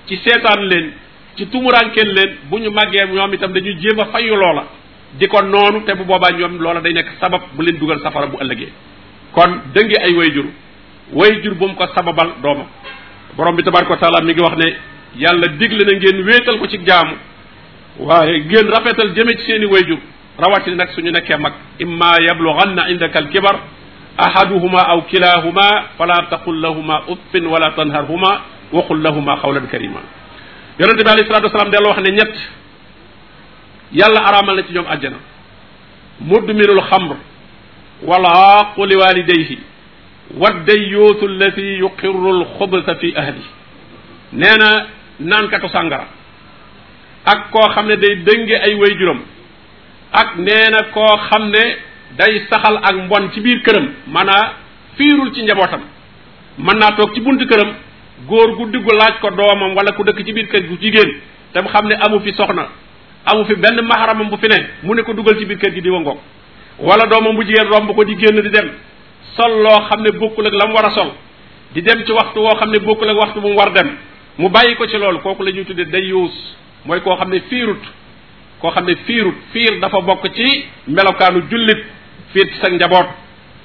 ci seetaan leen ci tumurankeen leen bu ñu màggee ñoom itam dañuy jéem a fayu loola di ko noonu te bu boobaa ñoom loola day nekk sabab bu leen dugal safara bu ëllëgee kon dënge ay wayjur wayjur bu mu ko sababal doomam borom bi tabaraka wa taala wax ne yàlla digle na ngeen wéetal ko ci jaamu waaye ngeen rafetal jëme ci seen i wayjur rawatina nag suñu nekkee mag imma yablughanna indaka alkibar ahaduhuma aw kilahuma fala taqul lahuma uffin wala tanharhuma waqul lahuma qawlan karima yonente bi alayhi salatu wasalaam delloo wax ne ñett yàlla araamal na ci ñoom àjjana mudminul xamr wala aqu li walidayhi waddayootu allati yuqiru alxubsa fi ahli nee na naankatu sàngara ak koo xam ne day dënge ay waajuram ak nee na koo xam ne day saxal ak mbon ci biir këram maanaa fiirul ci njabootam mën naa toog ci buntu këram góor gu diggu laaj ko doomam wala ku dëkk ci biir kër gu jigéen te mu xam ne amu fi soxna amu fi benn maxaramam bu fi ne mu ne ko dugal ci biir kër gi di wangoog wala doomam bu jigéen romb ko di génn di dem sol loo xam ne bokkul ak la mu war a sol di dem ci waxtu woo xam ne bokkul ak waxtu mu war dem mu bàyyi ko ci loolu kooku lañuy ñuy tuddee dayuus mooy koo xam ne fiirut koo xam ne fiirut fiir dafa bokk ci melokaanu jullit fiir ci sa njaboot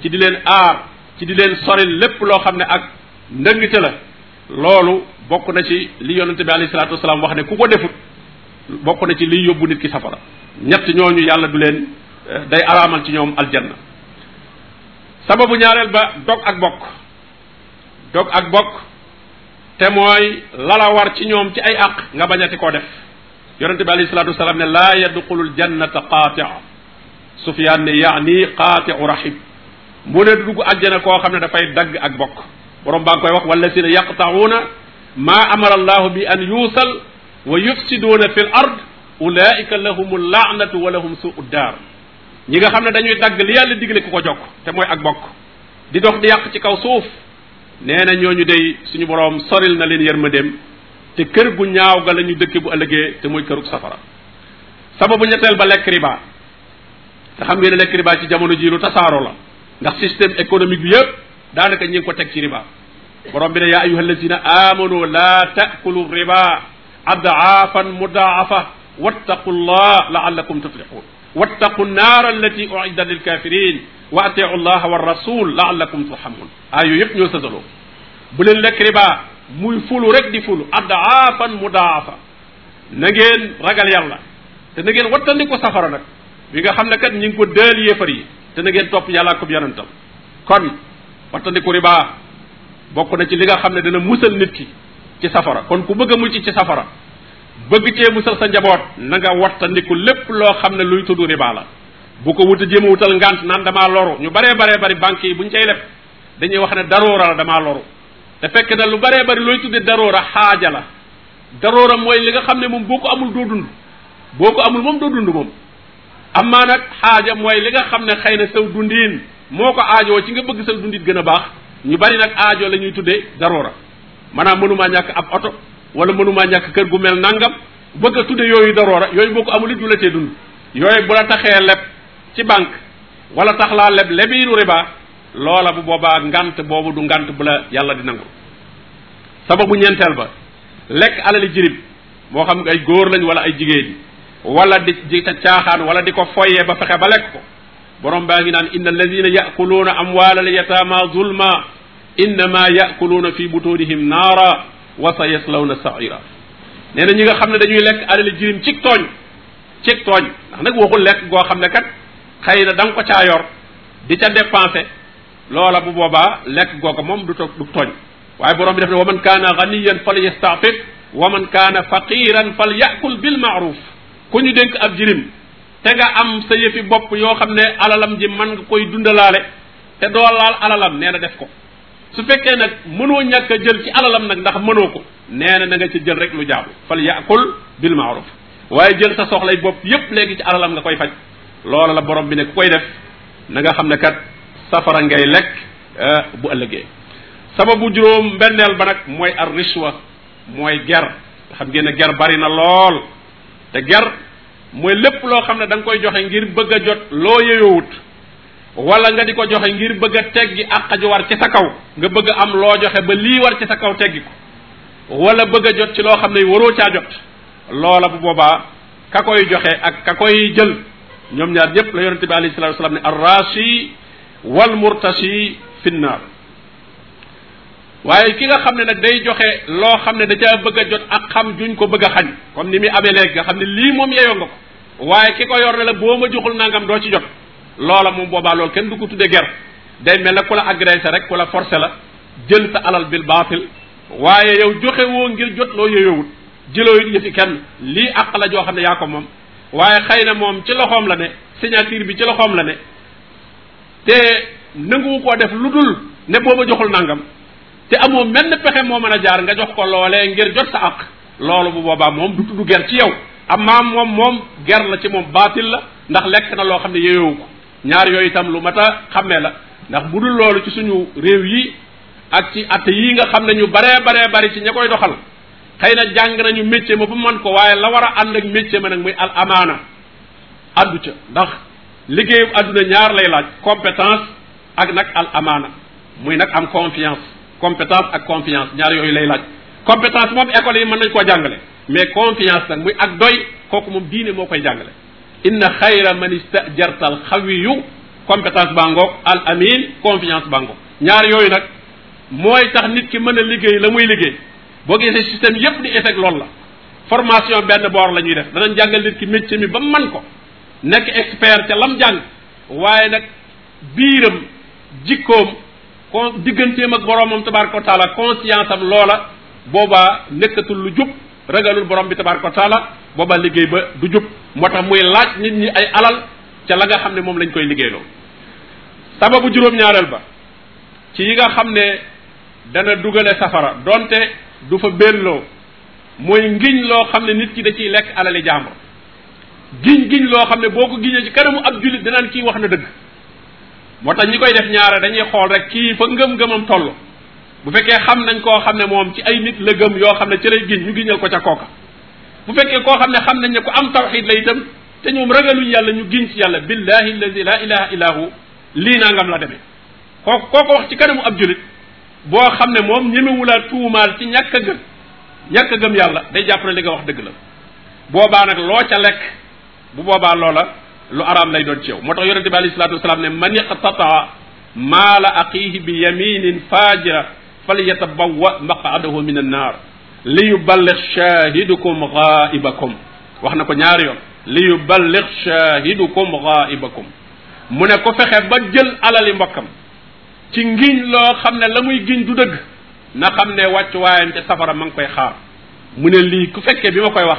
ci di leen aar ci di leen soril lépp loo xam ne ak ndëngte la loolu bokk na ci li yonente bi alayhi wasalaam wax ne ku ko defut bokk na ci liy yóbbu nit ki safara ñett ñooñu yàlla du leen eh, day araamal ci ñoom aljanna sababu ñaareel ba dog ak bokk dog ak bokk te mooy lala ci ñoom ci ay àq nga bañati koo def yonente bi alayhi salatu wasalaam ne laa yadxulul jannata qaatiu sufyaan ne yaani qaatiu rahim mu ne dugg àjjana koo xam ne dafay dagg ak bokk borom baa ngi koy wax wallazina yaqta'uuna maa amara allahu bi an yuusal wa yufsiduuna fi l ard ulaika lahum laanatu wa suu daar ñi nga xam ne dañuy dagg li yàlla digle ku ko jokk te mooy ak bokk di dox di yàq ci kaw suuf nee na ñooñu day suñu boroom soril na leen yërmandeem te kër gu ñaaw ga la ñu dëkk bu ëllëgee te mooy kërug safara sababu ñetteel ba lekk riba te xam ngeen lekk riba ci jamono jii lu tasaaroo la ndax système économique bi yëpp daanaka ñi ngi ko teg ci riba borom bi na ne yaa ayuha alladina amanu la taakulu riba adaafan mudaafa wattaqu llah laallakum tuflixuun wattaqu naar allati uiddat lil kafirin wa atiu llaha wa la laallakum turhamun aay yooyu yëpp ñoo sësaloo bu leen lekk riba muy fulu rek di fulu adaafan mudaafa na ngeen ragal yàlla te na ngeen wattandi safara nag bi nga xam ne kat ñi ngi ko dëel yéefar yi te ngeen topp yàllaa ko yonentam kon wattandi ko riba bokku na ci li nga xam ne dana musal nit ki ci safara kon ku bëgg a mucc ci safara bëgg cee musal sa njaboot na nga wattandiku lépp loo xam ne luy tudd riba la bu ko wut jéem a wutal ngant naan damaa loru ñu baree baree bari banques yi bu ñu cay leb dañuy wax ne daroora la damaa loru te fekk na lu baree bari looy tuddee daroora xaaja la daroora mooy li nga xam ne moom boo ko amul doo dund boo ko amul moom doo dund moom maa nag xaaja mooy li nga xam ne xëy na sew dundiin moo ko aajoo ci nga bëgg saw dundit gën a baax ñu bari nag aajo la ñuy tuddee daroora maanaam mënumaa ñàkk ab oto wala mënumaa ñàkk kër gu mel nangam bëgg a tudde yooyu daroora yooyu boo ko amul it du la tee dund yooyu bu la taxee leb ci bànk wala tax laa leb lebiinu riba loola bu boobaa ngant boobu du ngant bu la yàlla di nangu sababu ñeenteel ba lekk alali jirib moo xam ay góor lañ wala ay jigéen wala di di caaxaan wala di ko foyee ba fexe ba lekk ko borom baa ngi naan inna alladina yakuluuna amwaala al yataama zulma innama yakuluuna fi butunihim naara wa sa yaslawna saira nee na ñi nga xam ne dañuy lekk alali jirim cig tooñ cig tooñ ndax nag waxul lekk goo xam ne kat xëy na da nga ko caa yor di ca dépensé loola bu boobaa lekk googa moom du toog du tooñ waaye borom bi def ne wa man kaana ganiyan fal yastaafif wa man kaana faqiran fal yakul bil maaruf ku ñu dénk ab jirim te nga am sa yëfi bopp yoo xam ne alalam ji man nga koy dundalaale te doo laal alalam nee na def ko su fekkee nag mënoo ñàkk jël ci alalam nag ndax mënoo ko nee na na nga ci jël rek lu jaabu fal yaakul bil maaruf waaye jël sa soxlay bopp yépp léegi ci alalam nga koy faj loola la borom bi ne ku koy def na nga xam ne kat safara ngay lekk eh, bu ëllëgee sababu juróom mbenneel ba nag mooy ar rishwa mooy ger xam ngeen ne ger bari na lool te ger mooy lépp loo xam ne danga koy joxe ngir bëgg a jot loo yeyoowut wala nga di ko joxe ngir bëgg a teggi ak ju war ci sa kaw nga bëgg a am loo joxe ba lii war ci sa kaw teggi ko wala bëgg a jot ci loo xam ne waroo caa jot loola bu boobaa ka koy joxe ak ka koy jël ñoom ñaar ñëpp la yonente bi alayhi salatu wasalam ne arraasi wal murtasi fi nnaar waaye ki nga xam ne nag day joxe loo xam ne da caa bëgg a jot ak xam juñ ko bëgg a xañ kon ni muy amee léegi nga xam ne lii moom yeyoo nga ko waaye ki ko yor ne la boo ma joxul nangam doo ci jot loola moom boobaa loolu kenn du ko tuddee ger day mel na ku la agressé rek ku la forcé la jël sa alal bil baatil waaye yow joxe woo ngir jot loo yeyowut jëloo it yëfi kenn lii àq la joo xam ne yaa ko moom waaye xëy na moom ci loxoom la ne signature bi ci loxoom la ne te nanguwu koo def lu dul ne booba joxul nangam te amoo menn pexe moo mën a jaar nga jox ko loole ngir jot sa àq loolu bu boobaa moom du tudd ger ci yow amaa moom moom ger la ci moom baatil la ndax lekk na loo xam ne yeyowu ko ñaar yooyu itam lu mat a xàmmee la ndax bu dul loolu ci suñu réew yi ak ci at yii nga xam ne ñu baree baree bari ci ña koy doxal xëy na jàng nañu métier ma ba mën ko waaye la war a ànd ak métier ma nag muy al amaana addu ca ndax liggéeyu àdduna ñaar lay laaj compétence ak nag al amaana muy nag am confiance compétence ak confiance ñaar yooyu lay laaj compétence moom école yi mën nañ koo jàngale mais confiance nag muy ak doy kooku moom diine moo koy jàngale inna xayra man istajarta al xawiyu compétence baa ngoog al amin confiance baa ñaar yooyu nag mooy tax nit ki mën a liggéey la muy liggéey boo gisee système yépp di échec loolu la formation benn boor la ñuy def danañ jàngal nit ki métier mi ba man ko nekk expert ca lam jàng waaye nag biiram jikkoom kon digganteem ak boromam tabaraka wa taala conscience am loola boobaa nekkatul lu jub ragalul borom bi tabaraka wa la boobaa liggéey ba du jub moo tax muy laaj nit ñi ay alal ca la nga xam ne moom lañ koy liggéeyloo sababu juróom-ñaareel ba ci yi nga xam ne dana dugale safara donte du fa bélloo mooy ngiñ loo xam ne nit ki da ciy lekk yi jàmbur giñ giñ loo xam ne boo ko giñee ci kanamu ab jullit danaan kii wax na dëgg moo tax ñi koy def ñaare dañuy xool rek kii fa ngëm-ngëmam toll bu fekkee xam nañ koo xam ne moom ci ay nit la gëm yoo xam ne ci lay giñ ñu giñal ko ca kooka bu fekkee koo xam ne xam nañ ne ku am tawxid lay itam te ñoom ragaluñ yàlla ñu giñ ci yàlla billahi alladi la ilaha illa hu lii nangam la demee kooku kooko wax ci kanamu ab julit boo xam ne moom ñemewula tuumaal ci ñàkk a gëm ñàkk a gëm yàlla day jàpp ne li nga wax dëgg la boobaa nag loo ca lekk bu boobaa loola lu araam lay doon ci moo tax yonente bi alayhi salatu wasalaam ne man iqtataa maala aqihi bi yaminin faajira falyatabawwa maqadahu min an naar li yuballigh shaahidukum ghaibakum wax na ko ñaari yoon li yuballigh shaahidukum ghaibakum mu ne ko fexe ba jël alali mbokkam ci ngiñ loo xam ne la muy giñ du dëgg na xam ne wàccu waayam te safara ma ngi koy xaar mu ne lii ku fekkee bi ma koy wax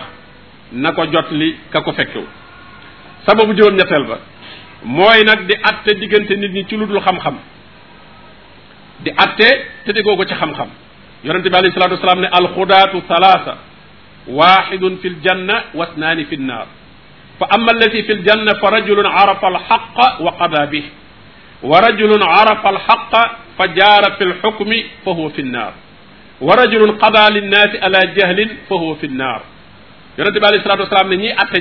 na ko jot li ka ko fekkewu sababu juróom-ñetteel ba mooy nag di atte diggante nit ñi ci lu dul xam-xam di atte te déggoo ko ci xam-xam yonente bi alayhi salatu wasalaam ne alxudaatu salaasa waxidun fi ljanna wasnaani fi nnaar fa ama allati fi ljanna fa rajulun arafa alxaqa wa qada bih wa rajulun arafa alxaqa fa jaara fi lxukmi fa huwa fi nnaar wa rajulun qada linnaasi ala jahlin fa huwa fi nnaar yonente bi alayhi salatu wasalaam ne ñiy atte